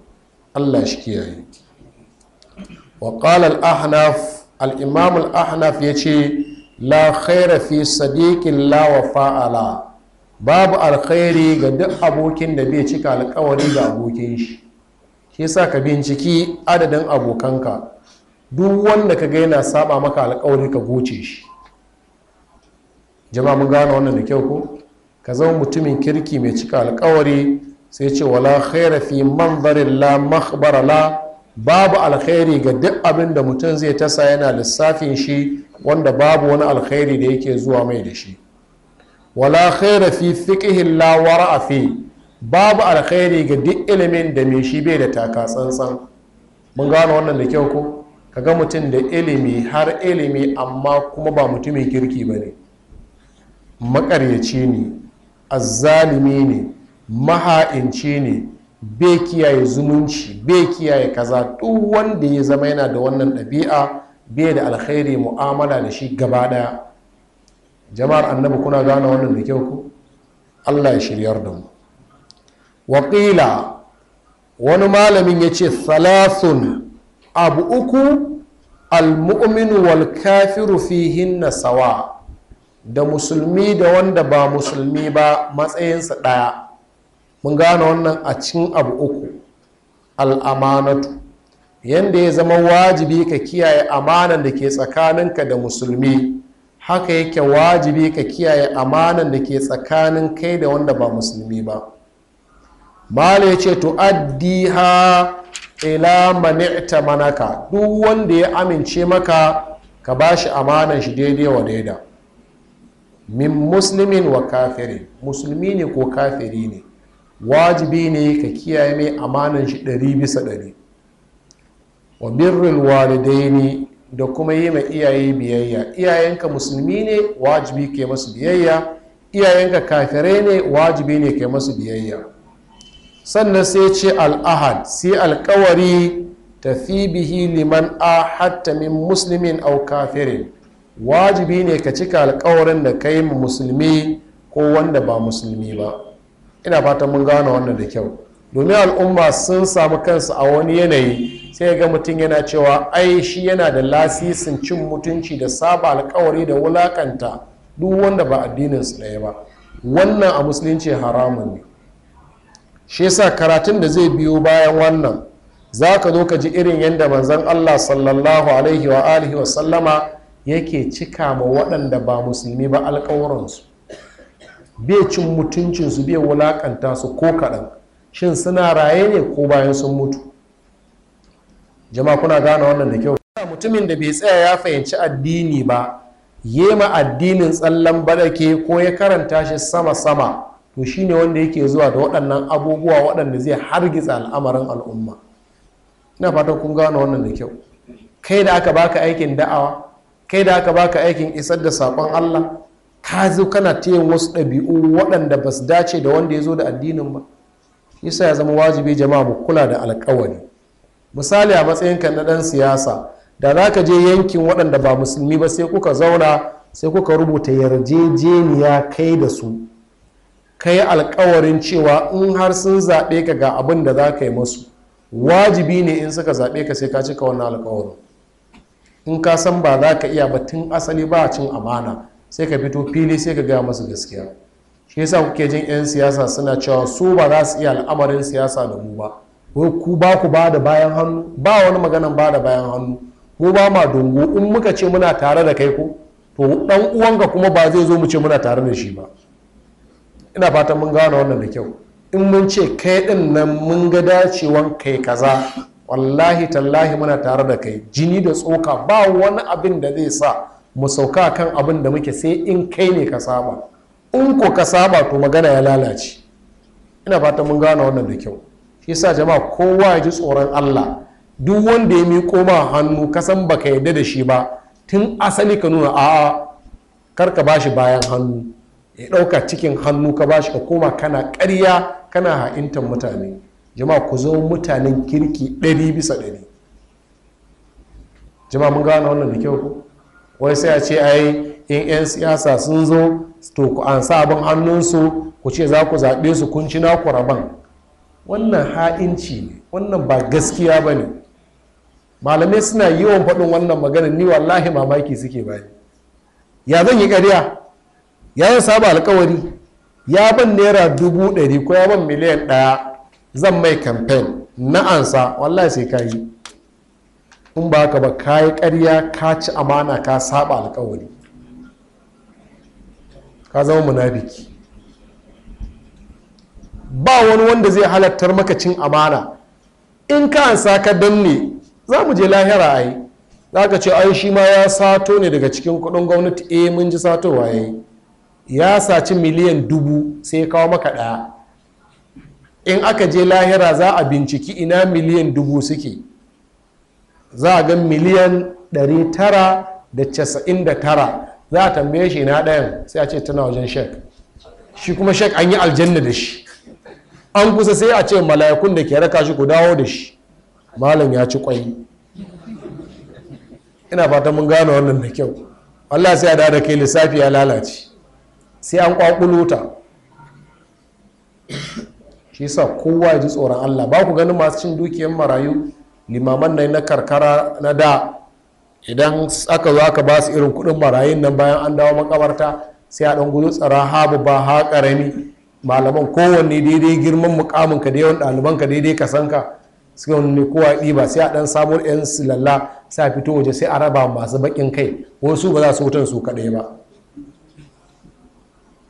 allah shi kiyaye wa qala al-ahnaf al-imam ahnaf yace la khaira fi sadiqin la wafa'ala babu alkhairi ga duk abokin da bai cika alkawari ga abokin shi shi yasa ka binciki adadin abokanka duk wanda ka ga yana saba maka alkawari ka goce shi jama'a mun gane wannan da kyau ko ka zama mutumin kirki mai cika alkawari sai ce wala khaira fi manzarin la makhbara la babu alkhairi ga duk abin da mutum zai tasa yana lissafin shi wanda babu wani alkhairi da yake zuwa mai da shi wala khaira fi fiqihin la wara'a fi babu alkhairi ga duk ilimin da mai shi bai da taka tsantsan mun gane wannan da kyau ko kaga mutum da ilimi har ilimi amma kuma ba mutumin kirki ba ne makaryaci ne azalimi ne maha'inci ne bai kiyaye zumunci bai kiyaye kaza duk wanda ya zama yana da wannan ɗabi'a bai da alkhairi mu'amala da shi gaba ɗaya jama'ar annabi kuna gane wannan da kyau ku allah ya shiryar da mu Wakila, wani malamin ya ce salasun abu uku almu'minu wal kafiru fihinna sawa da musulmi da wanda ba musulmi ba matsayinsa ɗaya mun gane wannan a cikin abu uku al'amanatu yadda ya zama wajibi ka kiyaye amanan da ke tsakaninka da musulmi haka yake wajibi ka kiyaye amanan da ke tsakanin kai da wanda ba musulmi ba mala ya ce tu'addiha ila mani'ta manaka duk wanda ya amince maka ka ba shi amanan shi daidai wa daida min musulmin wa kafiri musulmi ne ko kafiri ne wajibi ne ka kiyaye mai amanan shi ɗari bisa ɗari wa birrin ne da kuma yi ma iyaye biyayya iyayenka musulmi ne wajibi ke masu biyayya iyayenka kafirai ne wajibi ne ke masu biyayya sannan sai ce al'ahad sai alkawari tafi bihi liman hatta min musulmin au kafirin wajibi ne ka cika alkawarin da ka yi musulmi ko wanda ba musulmi ba ina fatan mun gane wannan da kyau domin al'umma sun samu kansu a wani yanayi sai ga mutum yana cewa ai shi yana da lasisin cin mutunci da saba alkawari da wulakanta duk wanda ba addinin su ɗaya ba wannan a musulunci haramun ne shi yasa karatun da zai biyo bayan wannan za ka zo ka ji irin yadda manzon allah sallallahu alaihi wa alihi wa sallama yake cika ma waɗanda ba musulmi ba alƙawuransu bai cin mutuncinsu bai wulaƙanta su ko kaɗan shin suna raye ne ko bayan sun mutu jama'a kuna gane wannan da kyau mutumin da bai tsaya ya fahimci addini ba ma addinin tsallan barake ko ya karanta shi sama-sama to shine wanda yake zuwa da waɗannan abubuwa waɗanda zai hargitsa al'amarin al'umma ina fatan kun gano wannan da kyau kai da aka baka aikin da'awa kai da aka baka aikin isar da saƙon allah ka zo kana tayin wasu ɗabi'u waɗanda ba su dace da wanda ya zo da addinin ba yasa ya zama wajibi jama'a mu kula da alƙawari misali a matsayinka na ɗan siyasa da za ka je yankin waɗanda ba musulmi ba sai kuka zauna sai kuka rubuta yarjejeniya kai da su ka yi alkawarin cewa in har sun zaɓe ka ga abin da za ka yi masu wajibi ne in suka zaɓe ka sai ka cika wannan alkawarin in ka san ba za ka iya batun asali ba cin amana sai ka fito fili sai ka gaya masu gaskiya shi yasa kuke jin 'yan siyasa suna cewa su ba za su iya al'amarin siyasa da mu ba ku ba ku ba da bayan hannu ba wani maganan ba da bayan hannu ko ba ma dungu in muka ce muna tare da kai ko to dan uwanka kuma ba zai zo mu ce muna tare da shi ba ina fatan mun gane wannan da kyau in mun ce kai din nan mun ga dacewan kai kaza wallahi tallahi muna tare da kai jini da tsoka ba wani abin da zai sa mu sauka kan abin da muke sai in kai ne ka saba in ko ka saba to magana ya lalace ina fatan mun gane wannan da kyau shi yasa jama'a kowa ya ji tsoron Allah duk wanda ya miƙo ma hannu ka san baka yarda da shi ba tun asali ka nuna a'a kar ka bashi bayan hannu ya ɗauka cikin hannu ka bashi ka koma kana karya kana ha'intar mutane jama'a ku zo mutanen kirki ɗari bisa ɗari jama'a mun gane wannan da kyau wai sai a ce ai in 'yan siyasa sun zo to ku an sabon abin hannunsu ku ce za ku zaɓe su kun ci naku rabon wannan ha'inci ne wannan ba gaskiya ba ne malamai suna yawan faɗin wannan maganar ni wallahi mamaki suke bani ya zan yi ƙarya ya yi saba alkawari ya ban naira dubu ɗari ko ya ban miliyan ɗaya zan mai kamfen na ansa wallahi sai ka yi in ba ka ba ka yi ƙarya ka ci amana ka saba alkawari ka zama munafiki ba wani wanda zai halattar maka cin amana in ka ansa ka danne za mu je lahira a yi za ka ce ai shi ma ya sato ne daga cikin kudin gwamnati eh mun ji satowa ya yi ya saci miliyan dubu sai ya kawo maka ɗaya in aka je lahira za a binciki ina miliyan dubu suke za a ga miliyan 999 za a tambaye shi na ɗayan sai a ce tana wajen shek shi kuma shek an yi aljanna da shi an kusa sai a ce mala'ikun da ke raka shi ku dawo da shi malam ya ci kwai ina fatan mun gano wannan da kyau Allah sai a da kai lissafi ya lalace sai an kwakulota shi sa kowa ji tsoron allah ba ku ganin masu cin dukiyar marayu limaman nan na karkara na da idan aka zo aka ba su irin kudin marayun nan bayan an dawo makabarta sai a dan gudu tsara ha ba ha karami malaman kowanne daidai girman mukamin ka da yawan ɗaliban ka daidai ka san ka ga wani kowa ba sai a dan samun yan silalla sai a fito waje sai a raba masu bakin kai wasu ba za su wutan su kaɗai ba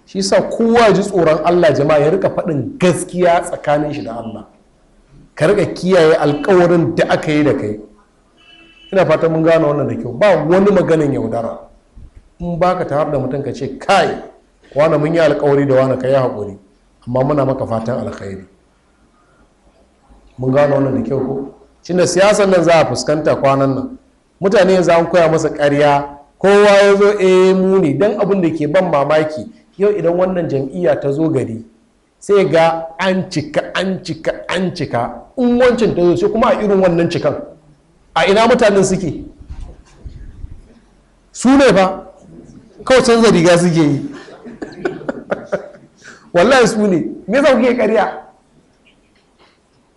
shi sa kowa ji tsoron allah jama'a ya rika faɗin gaskiya tsakanin shi da allah ka rika kiyaye alkawarin da aka yi da kai ina fata mun gane wannan da kyau ba wani maganin yaudara in ka tare da mutum ka ce kai wani mun yi alkawari da wani ka yi haƙuri amma muna maka fatan alkhairi mun gane wannan da kyau ko da siyasan nan za a fuskanta kwanan nan mutane yanzu an koya masa ƙarya kowa ya zo eh muni don abin da ke ban mamaki yau idan wannan jam'iyya ta zo gari sai ga an cika an cika an cika in wancan ta zo sai kuma a irin wannan cikan a ina mutanen suke su ne ba? kawai canza riga suke yi wallahi su ne me yasa kuke ƙarya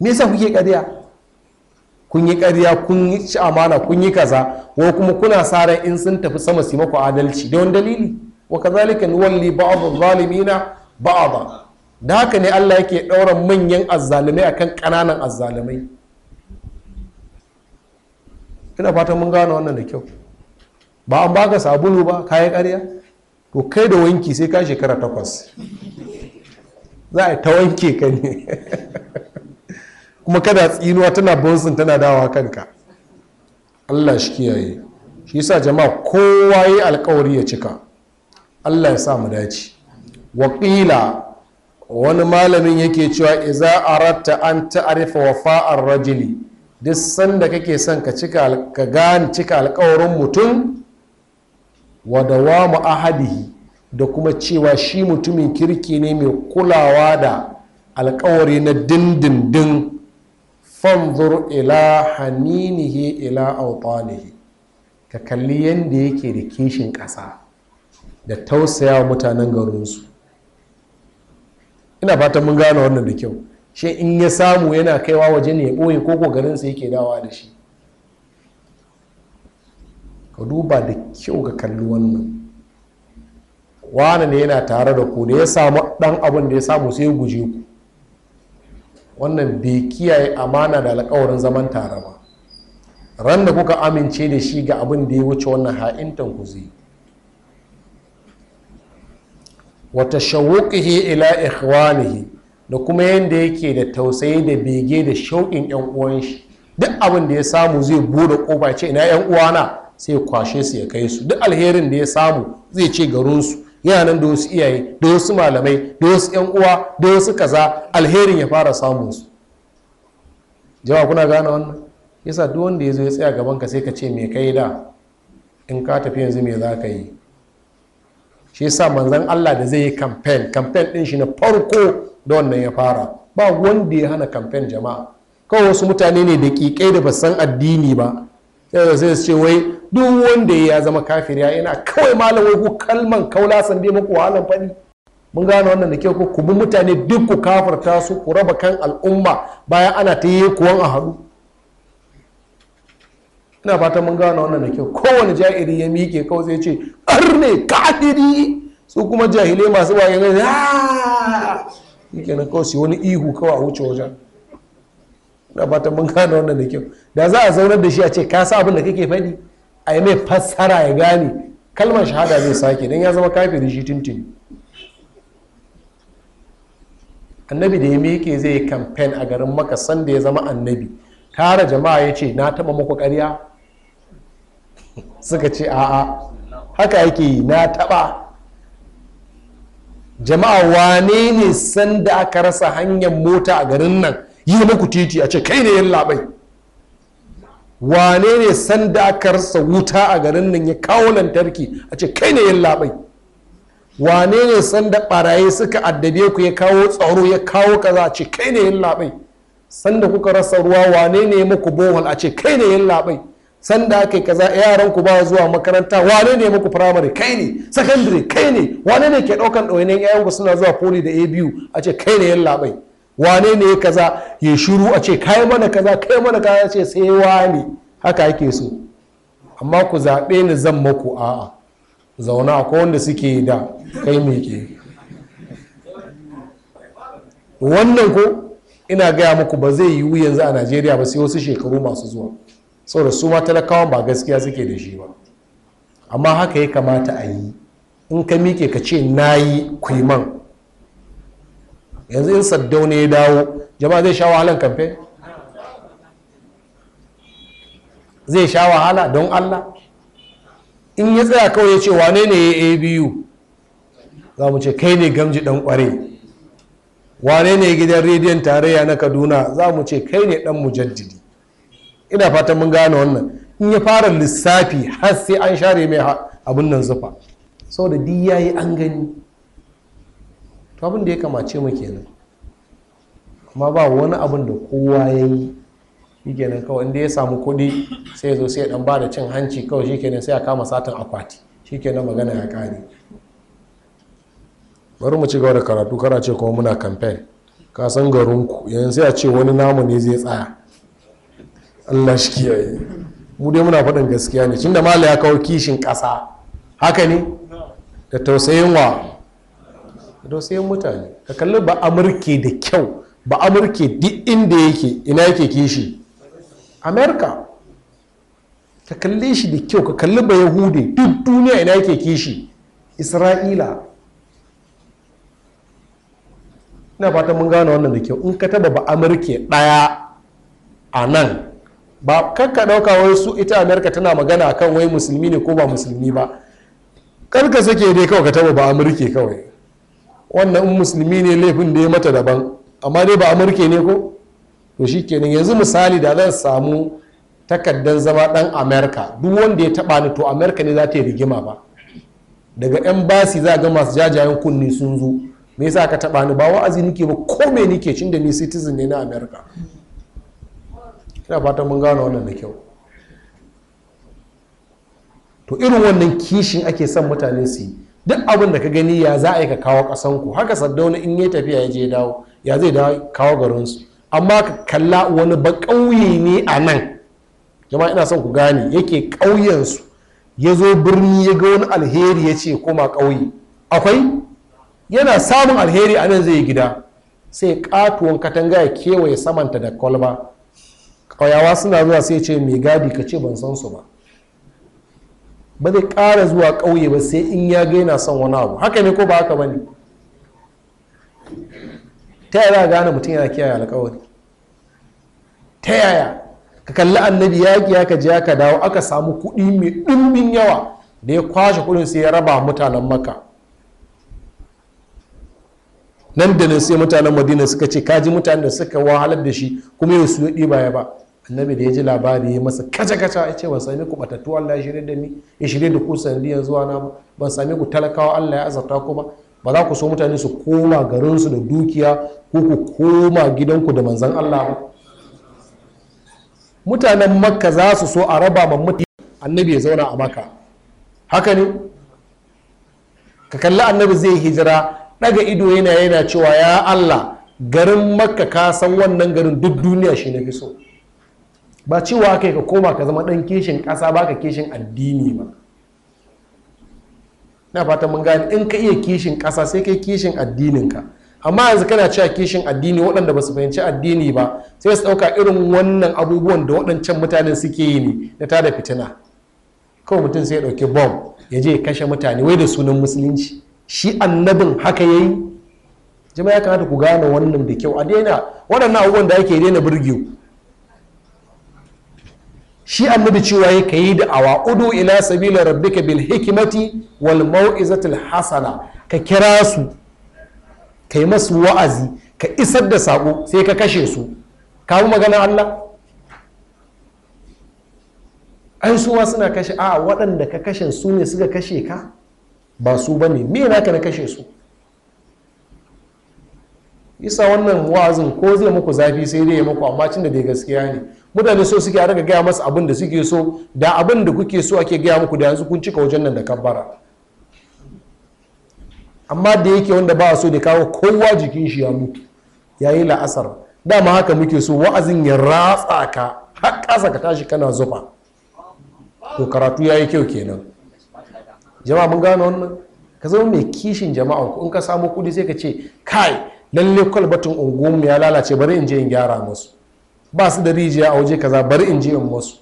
me yasa kuke ƙarya kun yi ƙarya kun yi ci amana kun yi kaza ko kuma kuna sa ran in sun tafi sama su maku adalci da wani dalili wa kazalika nuwalli ba'd adh da haka ne Allah yake ɗauran manyan azzalumai akan ƙananan azzalumai ina fatan mun gane wannan da kyau ba an baka sabulu ba kayan ƙarya to kai da wanki sai ka shekara takwas za a ta wanke ka ne kuma kada tsinuwa tana bonsin tana dawa kanka allah shi kiyaye shi yasa jama'a kowa yi alkawari ya cika allah ya sa mu dace waƙila wani malamin yake cewa iza aratta an ta'arifa wafa'ar rajili duk sanda kake son ka cika ka gane cika alkawarin mutum wa dawamu ahadihi da kuma cewa shi mutumin kirki ne mai kulawa da alkawari na dindindin fanzur ila haninihi ila autanihi ka kalli yadda yake da kishin ƙasa da tausaya wa mutanen garinsu ina fatan mun gane wannan da kyau shi in ya samu yana kaiwa waje ne ya ɓoye ko garinsa yake dawa da shi ka duba da kyau ga kalli wannan wane ne yana tare da ku da ya samu ɗan abin da ya samu sai ya guje ku wannan bai kiyaye amana da alkawarin zaman tare ba ran da kuka amince da shi ga abin da ya wuce wannan ha'intan ku zai wata shawuƙihi ila ikhwanihi da kuma yadda yake da tausayi da bege da shauƙin yan uwan shi duk abin da ya samu zai bude ƙofa ce ina yan uwana sai ya kwashe su ya kai su duk alherin da ya samu zai ce garinsu yana nan da wasu iyaye da wasu malamai da wasu yan uwa da wasu kaza alherin ya fara samun su jawa kuna gane wannan yasa duk wanda ya zo ya tsaya gaban ka sai ka ce me kai da in ka tafi yanzu me za ka yi shi yasa manzon Allah da zai yi kamfen kamfen din shi na farko da wannan ya fara ba wanda ya hana kamfen jama'a kawai wasu mutane ne da kikai da basan addini ba sai sai ce wai duk wanda ya zama kafiri ya yana kawai malam wai ku kalman kaula san dai muku wahalan fadi mun gane wannan da kyau ko ku bi mutane duk ku kafarta su ku raba kan al'umma bayan ana ta yi kuwan a haɗu ina fatan mun gano wannan da kyau kowane ja'iri ya miƙe kawai sai ce arne kafiri su kuma jahilai masu ba yana ya yake na kawai wani ihu kawai a wuce wajen ina fatan mun gano wannan da kyau da za a zaunar da shi a ce ka sa abin da kake faɗi a yi mai fassara ya gane kalmar shahada zai sake don ya zama kafiri shi tuntun annabi da ya miƙe zai yi kamfen a garin maka sanda ya zama annabi tara jama'a ya ce na taɓa maku karya? suka ce a'a haka yake yi na taɓa jama'a wane ne sanda aka rasa hanyar mota a garin nan yi muku titi a ce kai ne yin labai wane ne sanda aka rasa wuta a garin nan ya kawo lantarki a ce kai ne yin labai wane ne sanda ɓaraye suka addabe ku ya kawo tsaro ya kawo kaza a ce kai ne yin labai sanda kuka rasa ruwa wane ne muku bohol a ce kai ne yin labai sanda aka kaza yaran ku ba zuwa makaranta wane ne muku firamare kai ne secondary kai ne wane ne ke daukan ɗawainin yayan ku suna zuwa poli da abu a ce kai ne yan labai wane ne kaza ya shiru a ce kai mana kaza kai mana kaza ce sai wane haka ake so amma ku zaɓe ni zan maku a'a zauna ko wanda suke da kai mai ke wannan ko ina gaya muku ba zai yiwu yanzu a najeriya ba sai wasu shekaru masu zuwa saboda su ma talakawan ba gaskiya suke da shi ba amma haka ya kamata a yi in ka miƙe ka ce na yi kuiman yanzu in saddau ne ya dawo jama'a zai sha wahalan kamfe zai sha wahala don allah in ya tsaya kawai ya ce wane ne ya abu za mu ce kai ne gamji dan kware wane ne gidan rediyon tarayya na kaduna za mu ce kai ne dan mujaddidi ina fatan mun gane wannan in ya fara lissafi har sai an share mai abin nan zufa saboda duk yi an gani to abin da ya kamace mu kenan amma ba wani abin da kowa ya yi shikenan kawai inda ya samu kuɗi sai zo sai dan ba da cin hanci kawai kenan sai a kama satin akwati shi shikenan magana ya kare bari mu ci gaba da karatu kana ce kuma muna kamfen ka san garinku yanzu sai a ce wani namu ne zai tsaya Allah shi kiyaye mu dai muna faɗin gaskiya ne tunda mala ya kawo kishin ƙasa haka ne da tausayin wa da tausayin mutane ka kalli ba amurke da kyau ba amurke duk inda yake ina yake kishi amerika ka kalli shi da kyau ka kalli ba yahude duk duniya ina yake kishi isra'ila ina fatan mun gane wannan da kyau in ka taba ba amurke ɗaya a nan ba kakka ɗauka wai su ita amerika tana magana kan wai musulmi ne ko ba musulmi ba karka sake dai kawai ka taba ba amurke kawai wannan in musulmi ne laifin da ya mata daban amma dai ba amurke ne ko to shi kenan yanzu misali da zan samu takardan zama ɗan amerika duk wanda ya taba ni to amerika ne za ta yi rigima ba daga yan basi za ga masu jajayen kunni sun zo me yasa ka taba ni ba wa'azi nike ba ko me nike cin da ni citizen ne na amerika ina fatan mun gano wannan da kyau to irin wannan kishin ake son mutane su yi duk abin da ka gani ya za a yi ka kawo ƙasanku haka saddauna in ya tafiya ya je dawo ya zai dawo kawo garinsu amma ka kalla wani ba ƙauye ne a nan jama'a ina son ku gane yake ƙauyensu ya zo birni ya ga wani alheri ya ce koma ƙauye akwai yana samun alheri a nan zai gida sai katuwan katanga ya kewaye samanta da kwalba ƙauyawa suna zuwa sai ce mai gadi ka ce ban san su ba ba zai ƙara zuwa ƙauye ba sai in ya gaina son wani abu haka ne ko ba haka ba ne ta yaya gane mutum yana kiyaye alƙawari? ta yaya ka kalli annabi yaƙi ya ka je ya ka dawo aka samu kuɗi mai ɗumbin yawa da ya kwashe kuɗin sai ya raba mutanen maka nan da nan sai mutanen madina suka ce kaji mutanen da suka wahalar da shi kuma yau su ya ɗiba ya ba annabi da ya ji labari ya masa kaca-kaca ya ce ban sami ku batattu Allah ya shirye da ni ya shirye da ku sanadiyan zuwa na ba ban sami ku talakawa Allah ya azarta ku ba ba za ku so mutane su koma garinsu da dukiya ko ku koma gidanku da manzan Allah ba mutanen makka za su so a raba ma mutane annabi ya zauna a maka haka ne ka kalli annabi zai hijira daga ido yana yana cewa ya Allah garin makka ka san wannan garin duk duniya shi na fi so ba cewa kai ka koma ka zama dan kishin kasa ba ka kishin addini ba na fata mun gane in ka iya kishin kasa sai kai kishin addininka amma yanzu kana cewa kishin addini waɗanda ba su fahimci addini ba sai su ɗauka irin wannan abubuwan da waɗancan mutanen suke yi ne na tada fitina kawai mutum sai ya ɗauki bom ya je kashe mutane wai da sunan musulunci shi annabin haka ya yi jama'a ya kamata ku gane wannan da kyau a daina waɗannan abubuwan da ake daina burge shi annabi cewa ya kayi da awa udu ila sabila rabbika bil hikimati wal mau'izatil hasana ka kira su kai yi masu wa'azi ka isar da sako sai ka kashe su Ka kawo maganar Allah ai su ma suna kashe a waɗanda ka kashe su ne suka kashe ka ba su ba ne me ka na kashe su isa wannan wa'azin ko zai muku zafi sai dai ya muku amma cin da dai gaskiya ne mutane so suke daga gaya masu abin da suke so da abin da kuke so ake gaya muku da yanzu kun cika wajen nan da kabbara amma da yake wanda ba so da kawo kowa jikin shi ya mutu ya yi la'asar dama haka muke so wa'azin ya ratsa ka har ka tashi kana zufa to karatu ya yi kyau kenan jama'a mun gano wannan ka zama mai kishin jama'a ku in ka samu kudi sai ka ce kai lalle kwalbatin unguwanmu ya lalace bari in je in gyara musu ba su da rijiya a waje kaza bari in je in musu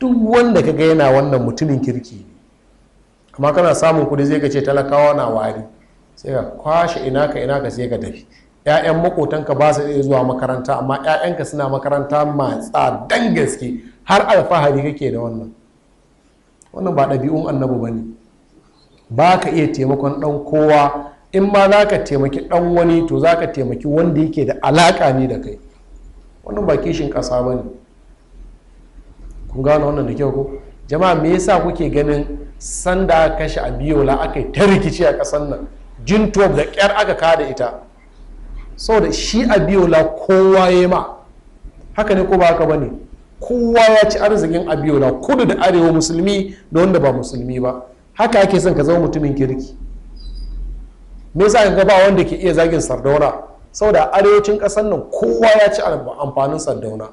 duk wanda ka ga yana wannan mutumin kirki ne amma kana samun kuɗi zai ka ce talakawa na wari sai ka kwashe ina ka ina ka sai ka tafi ƴaƴan makotanka ba su iya zuwa makaranta amma ƴaƴanka suna makaranta matsa tsadan gaske har alfahari kake da wannan wannan ba ɗabi'un annabi ba ne ba ka iya taimakon ɗan kowa in ma za ka taimaki ɗan wani to za ka taimaki wanda yake da alaƙa ne da kai wannan ba kishin ƙasa ba ne kun gano wannan da kyau ko jama'a me yasa kuke ganin sanda aka kashe abiyola aka yi ta rikici a ƙasar nan jin da ƙyar aka kada ita saboda shi abiyola kowa ya ma haka ne ko ba haka ba ne kowa ya ci arzikin abiyola kudu da arewa musulmi da wanda ba musulmi ba haka ake son ka zama mutumin kirki me yasa ga ba wanda ke iya zagin sardaura saboda arewacin ƙasar nan kowa ya ci amfanin sandauna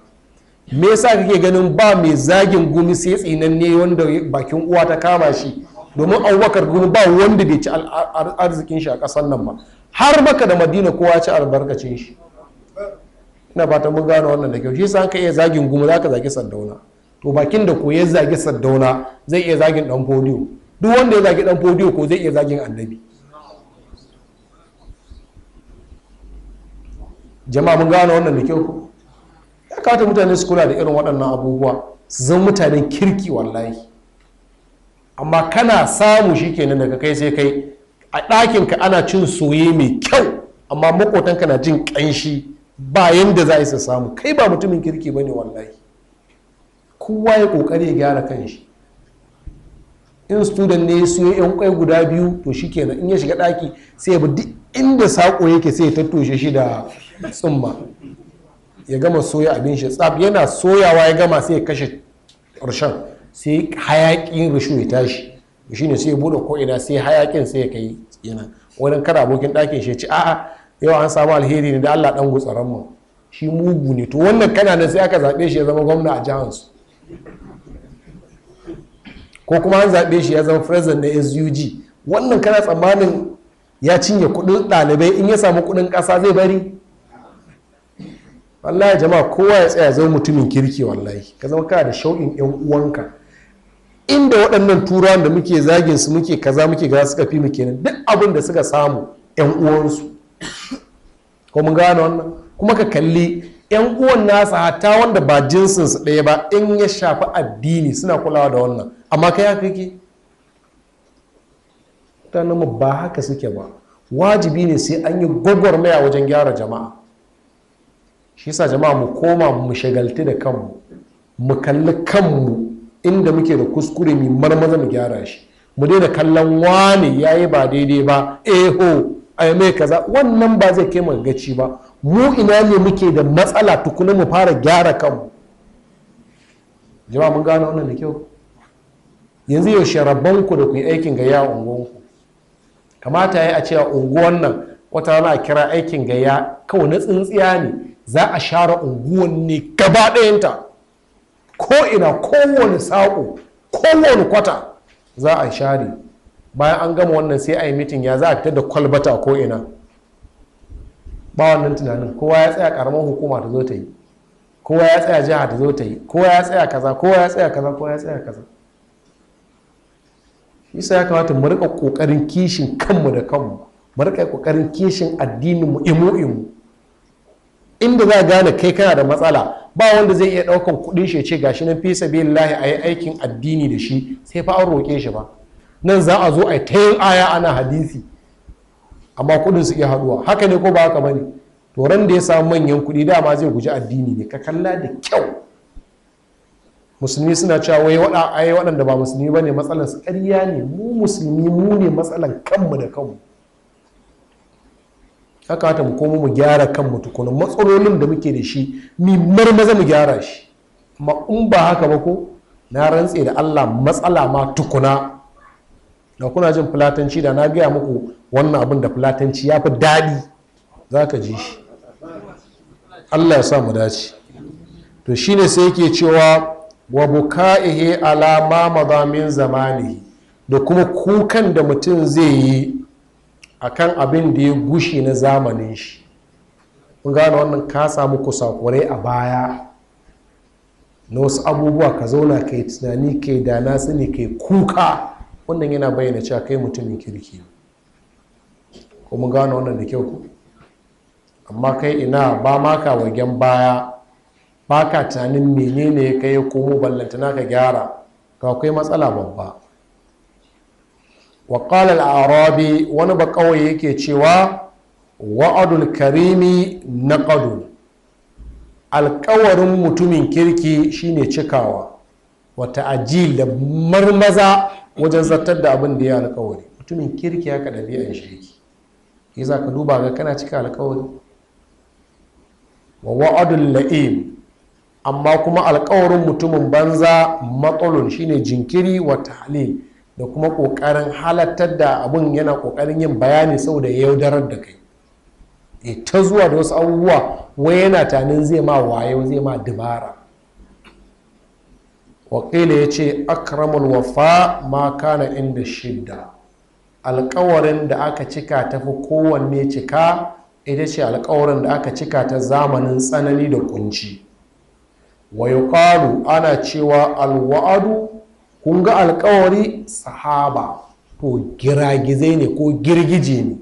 me yasa kake ganin ba mai zagin gumi sai tsinanne wanda bakin uwa ta kama shi domin abubakar gumi ba wanda bai ci arzikin shi a ƙasar nan ba har baka da madina kowa ci albarkacin shi ina fata mun gane wannan da kyau shi yasa ka iya zagin gumi zaka zagi sandauna to bakin da ko ya zagi sandauna zai iya zagin dan fodiyo duk wanda ya zagi dan fodiyo ko zai iya zagin annabi jama'a mun gane wannan da kyau ya kata mutane su kula da irin waɗannan abubuwa su zama mutanen kirki wallahi amma kana samu shi kenan daga kai sai kai a ɗakin ka ana cin soye mai kyau amma makotanka na jin ƙanshi ba yanda za a isa samu kai ba mutumin kirki ba ne wallahi kowa ya ƙoƙari ya gyara kanshi in student ne su yi yan kwai guda biyu to shi kenan in ya shiga ɗaki sai ya bi duk inda saƙo yake sai ya tattoshe shi da tsumma ya gama soya abin shi tsab yana soyawa ya gama sai ya kashe ƙarshen sai hayaƙin rushu ya tashi shi ne sai ya buɗe ko'ina sai hayaƙin sai ya kai yana wani kada abokin ɗakin shi ya ci a'a yau an samu alheri ne da allah ɗan gutsaran mu shi mugu ne to wannan kana nan sai aka zaɓe shi ya zama gwamna a jihar jihansu ko kuma an zaɓe shi ya zama president na sug wannan kana tsammanin ya cinye kuɗin ɗalibai in ya samu kuɗin ƙasa zai bari wallahi jama'a kowa ya tsaya zama mutumin kirki wallahi ka zama kana da shauƙin yan uwanka inda waɗannan turawan da muke zagin su muke kaza muke kaza suka fi muke nan, duk abin da suka samu yan uwansu ko mun gane wannan kuma ka kalli yan uwan nasa hata wanda ba jinsin su ɗaya ba in ya shafi addini suna kulawa da wannan amma kai haka kake mutanen ba haka suke ba wajibi ne sai an yi gwagwarmaya wajen gyara jama'a shi sa jama'a mu koma mu shagalti da kanmu mu kalli kanmu inda muke da kuskure mu marmaza mu gyara shi mu daina kallon wane ya yi ba daidai ba eho eh a yi mai kaza wannan ba zai kai gaci ba mu ina ne muke da matsala tukuna mu fara gyara kanmu jama'a mun gane wannan da kyau yanzu yaushe rabonku da ku yi aikin gaya a unguwanku kamata ya yi a cewa a unguwan nan wata rana kira aikin gaya kawai na tsintsiya ne za a share unguwan ne gaba ɗayanta ko ina kowane saƙo kowane kwata za a share bayan an gama wannan sai a yi mitin ya za a fitar da kwalbata ko ina ba wannan tunanin kowa ya tsaya karamar hukuma ta zo ta yi kowa ya tsaya jiha ta zo ta yi kowa ya tsaya kaza kowa ya tsaya kaza kowa ya tsaya kaza isa ya kamata mu rika kokarin kishin kanmu da kanmu mu rika kokarin kishin addinin mu imu imu inda za a gane kai kana da matsala ba wanda zai iya ɗaukan kuɗin shi ya ce gashi nan fi sabilillahi a yi aikin addini da shi sai fa an roke shi ba nan za a zo a ta yin aya ana hadisi amma kuɗin su iya haɗuwa haka ne ko ba haka bane to ran da ya samu manyan kuɗi dama zai guji addini ne ka kalla da kyau musulmi suna cewa wai waɗanda ba musulmi ba matsalan su ƙarya ne mu musulmi mu ne matsalan kanmu da kanmu ya kamata mu komo mu gyara kanmu tukuna matsalolin da muke da shi mi marmaza mu gyara shi amma in ba haka ba ko na rantse da Allah matsala ma tukuna da kuna jin fulatanci da na gaya muku wannan abin da fulatanci ya fi daɗi za ka ji shi Allah ya sa mu dace to shine sai yake cewa wa buka'ihi ala ma mazamin zamani da kuma kukan da mutum zai yi akan abin da ya gushi na zamanin shi kun gane wannan ka samu kusakurai a baya na wasu abubuwa ka zauna ka yi tunani ka yi dana sani ka yi kuka wannan yana bayyana cewa kai mutumin kirki ko mun gane wannan da kyau amma kai ina ba ma ka wagen baya ba ka tunanin menene ya yi komo ballantana ka gyara ga kai matsala babba wa arabi wani ba kawai yake cewa wa'adul karimi na ƙadu alkawarin mutumin kirki shine cikawa wata ajil da marmaza wajen zartar da abin da ya alkawari mutumin kirki ya ka ɗabi'an shirki yi ka duba ga kana cika alkawari wa la'im amma kuma alkawarin mutumin banza matsalun shine jinkiri wa tahlil da kuma ƙoƙarin halattar da abun yana ƙoƙarin yin bayani saboda ya yaudarar da kai e ta zuwa da wasu abubuwa wai yana tanin zai ma wayo zai ma dubara wakila ya ce akramul wafa ma kana inda shidda alkawarin da aka cika ta fi kowanne cika ita ce alkawarin da aka cika ta zamanin tsanani da kunci wa ana cewa alwa'adu kun ga alkawari sahaba ko giragizai ne ko girgije ne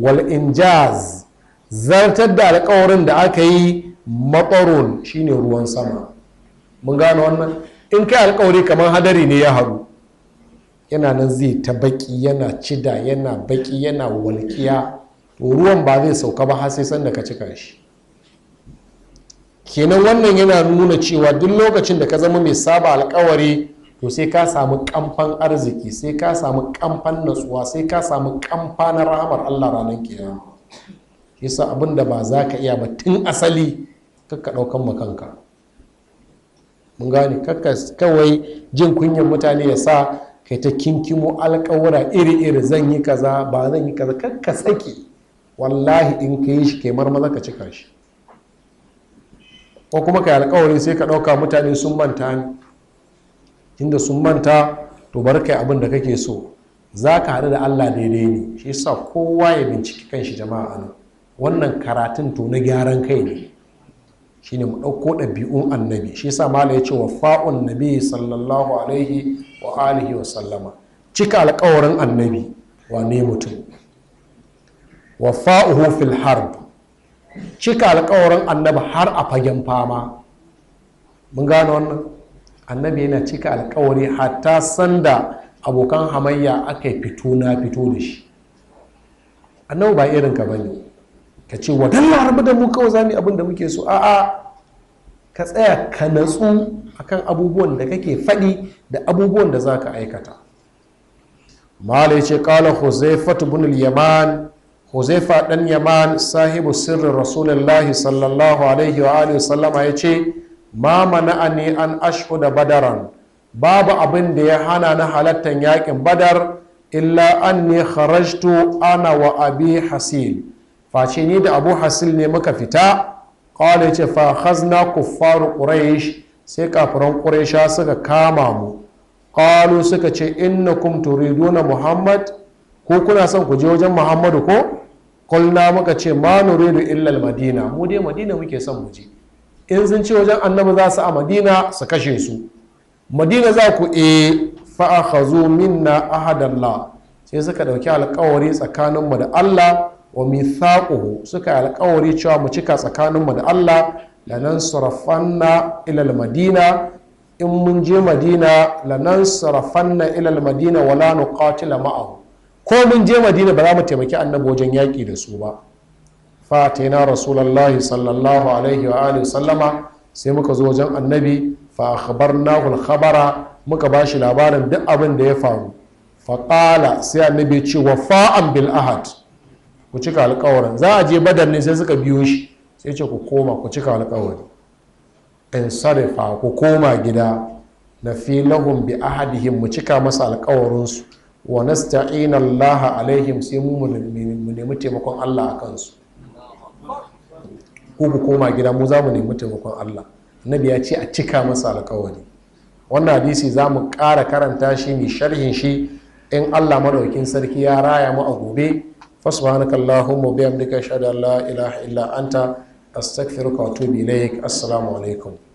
wal injaz zartar da alkawarin da aka yi matsaron shine ruwan sama mun gano wannan in kai alkawari kamar hadari ne ya haru yana nan zai ta baƙi yana cida yana baƙi yana walƙiya ruwan ba zai sauka ba har sai sanda ka cika shi kenan wannan yana nuna cewa duk lokacin da ka zama mai saba alkawari to sai ka samu kamfan arziki sai ka samu kamfan natsuwa sai ka samu kamfa na rahamar allah ranar kiyama yasa abin da ba za ka iya ba tun asali kakka ɗaukan makanka? mun gane kakka kawai jin kunyan mutane ya sa kai ta kinkimo alƙawura iri-iri zan yi kaza ba zan yi kaza kakka saki wallahi in ka yi shi kai marmaza ka cika shi ko kuma kai alƙawari sai ka ɗauka mutane sun manta ni inda sun manta to bar kai abin da kake so za ka haɗu da allah daidai ne shi sa kowa ya binciki kanshi jama'a nan wannan karatun to na gyaran kai ne ne mu ɗauko ɗabi'un annabi shi sa mala ya ce wa fa'un nabi sallallahu alaihi wa alihi wa sallama cika alƙawarin annabi Wa ne mutum wa fa'uhu fil harb cika alƙawarin annabi har a fagen fama mun gane wannan annabi yana cika alkawari hatta sanda abokan hamayya aka yi fito na fito da shi annabi ba irin ka bane ka ce wa dalla rabu da mu kawai zamu abin da muke so a'a ka tsaya ka natsu akan abubuwan da kake faɗi da abubuwan da za ka aikata mala ya ce kala huzaifat bin yaman huzaifa dan yaman sahibu sirrin rasulullahi sallallahu alaihi wa alihi sallama ya ce ma mana'ani an da badaran babu abin da ya hana na halattan yakin badar illa an ne kharajtu ana wa abi hasil face ni da abu hasil ne muka fita kawai ce fa khazna kuffaru quraish sai kafiran quraisha suka kama mu qalu suka ce innakum turiduna muhammad ko kuna son ku je wajen muhammadu ko kulna muka ce ma nuridu illa madina mu dai madina muke son mu je in sun ce wajen annabi za su a madina su kashe su madina za ku e eh, fa'akhazu minna ahadallah sai suka ɗauki alkawari tsakaninmu da Allah wa mithaquhu suka alkawari cewa mu cika tsakaninmu da Allah lanan sarafanna ilal madina in mun je madina lanan sarafanna ilal madina wala nuqatila ma'ahu ko mun je madina ba za mu taimaki annabi wajen yaƙi da su ba fatina rasulullahi sallallahu alaihi wa alihi sallama sai muka zo wajen annabi fa akhbarnahu al-khabara muka bashi labarin duk abin da ya faru fa qala sai annabi ce wafa'an bil ahad ku cika alƙawarin za a je badar ne sai suka biyo shi sai ce ku koma ku cika alƙawari in sarifa ku koma gida na fi lahum bi ahadihim mu cika masa alƙawarinsu wa nasta'ina allaha alaihim sai mu nemi taimakon Allah a kansu ko ku koma gida mu za mu nemi taimakon Allah annabi ya ce a cika masa alkawari wannan hadisi za mu ƙara karanta shi mai sharhin shi in Allah madaukin sarki ya raya mu a gobe فسبحانك bihamdika ashhadu an la ilaha illa anta astaghfiruka wa atubu ilaik assalamu alaikum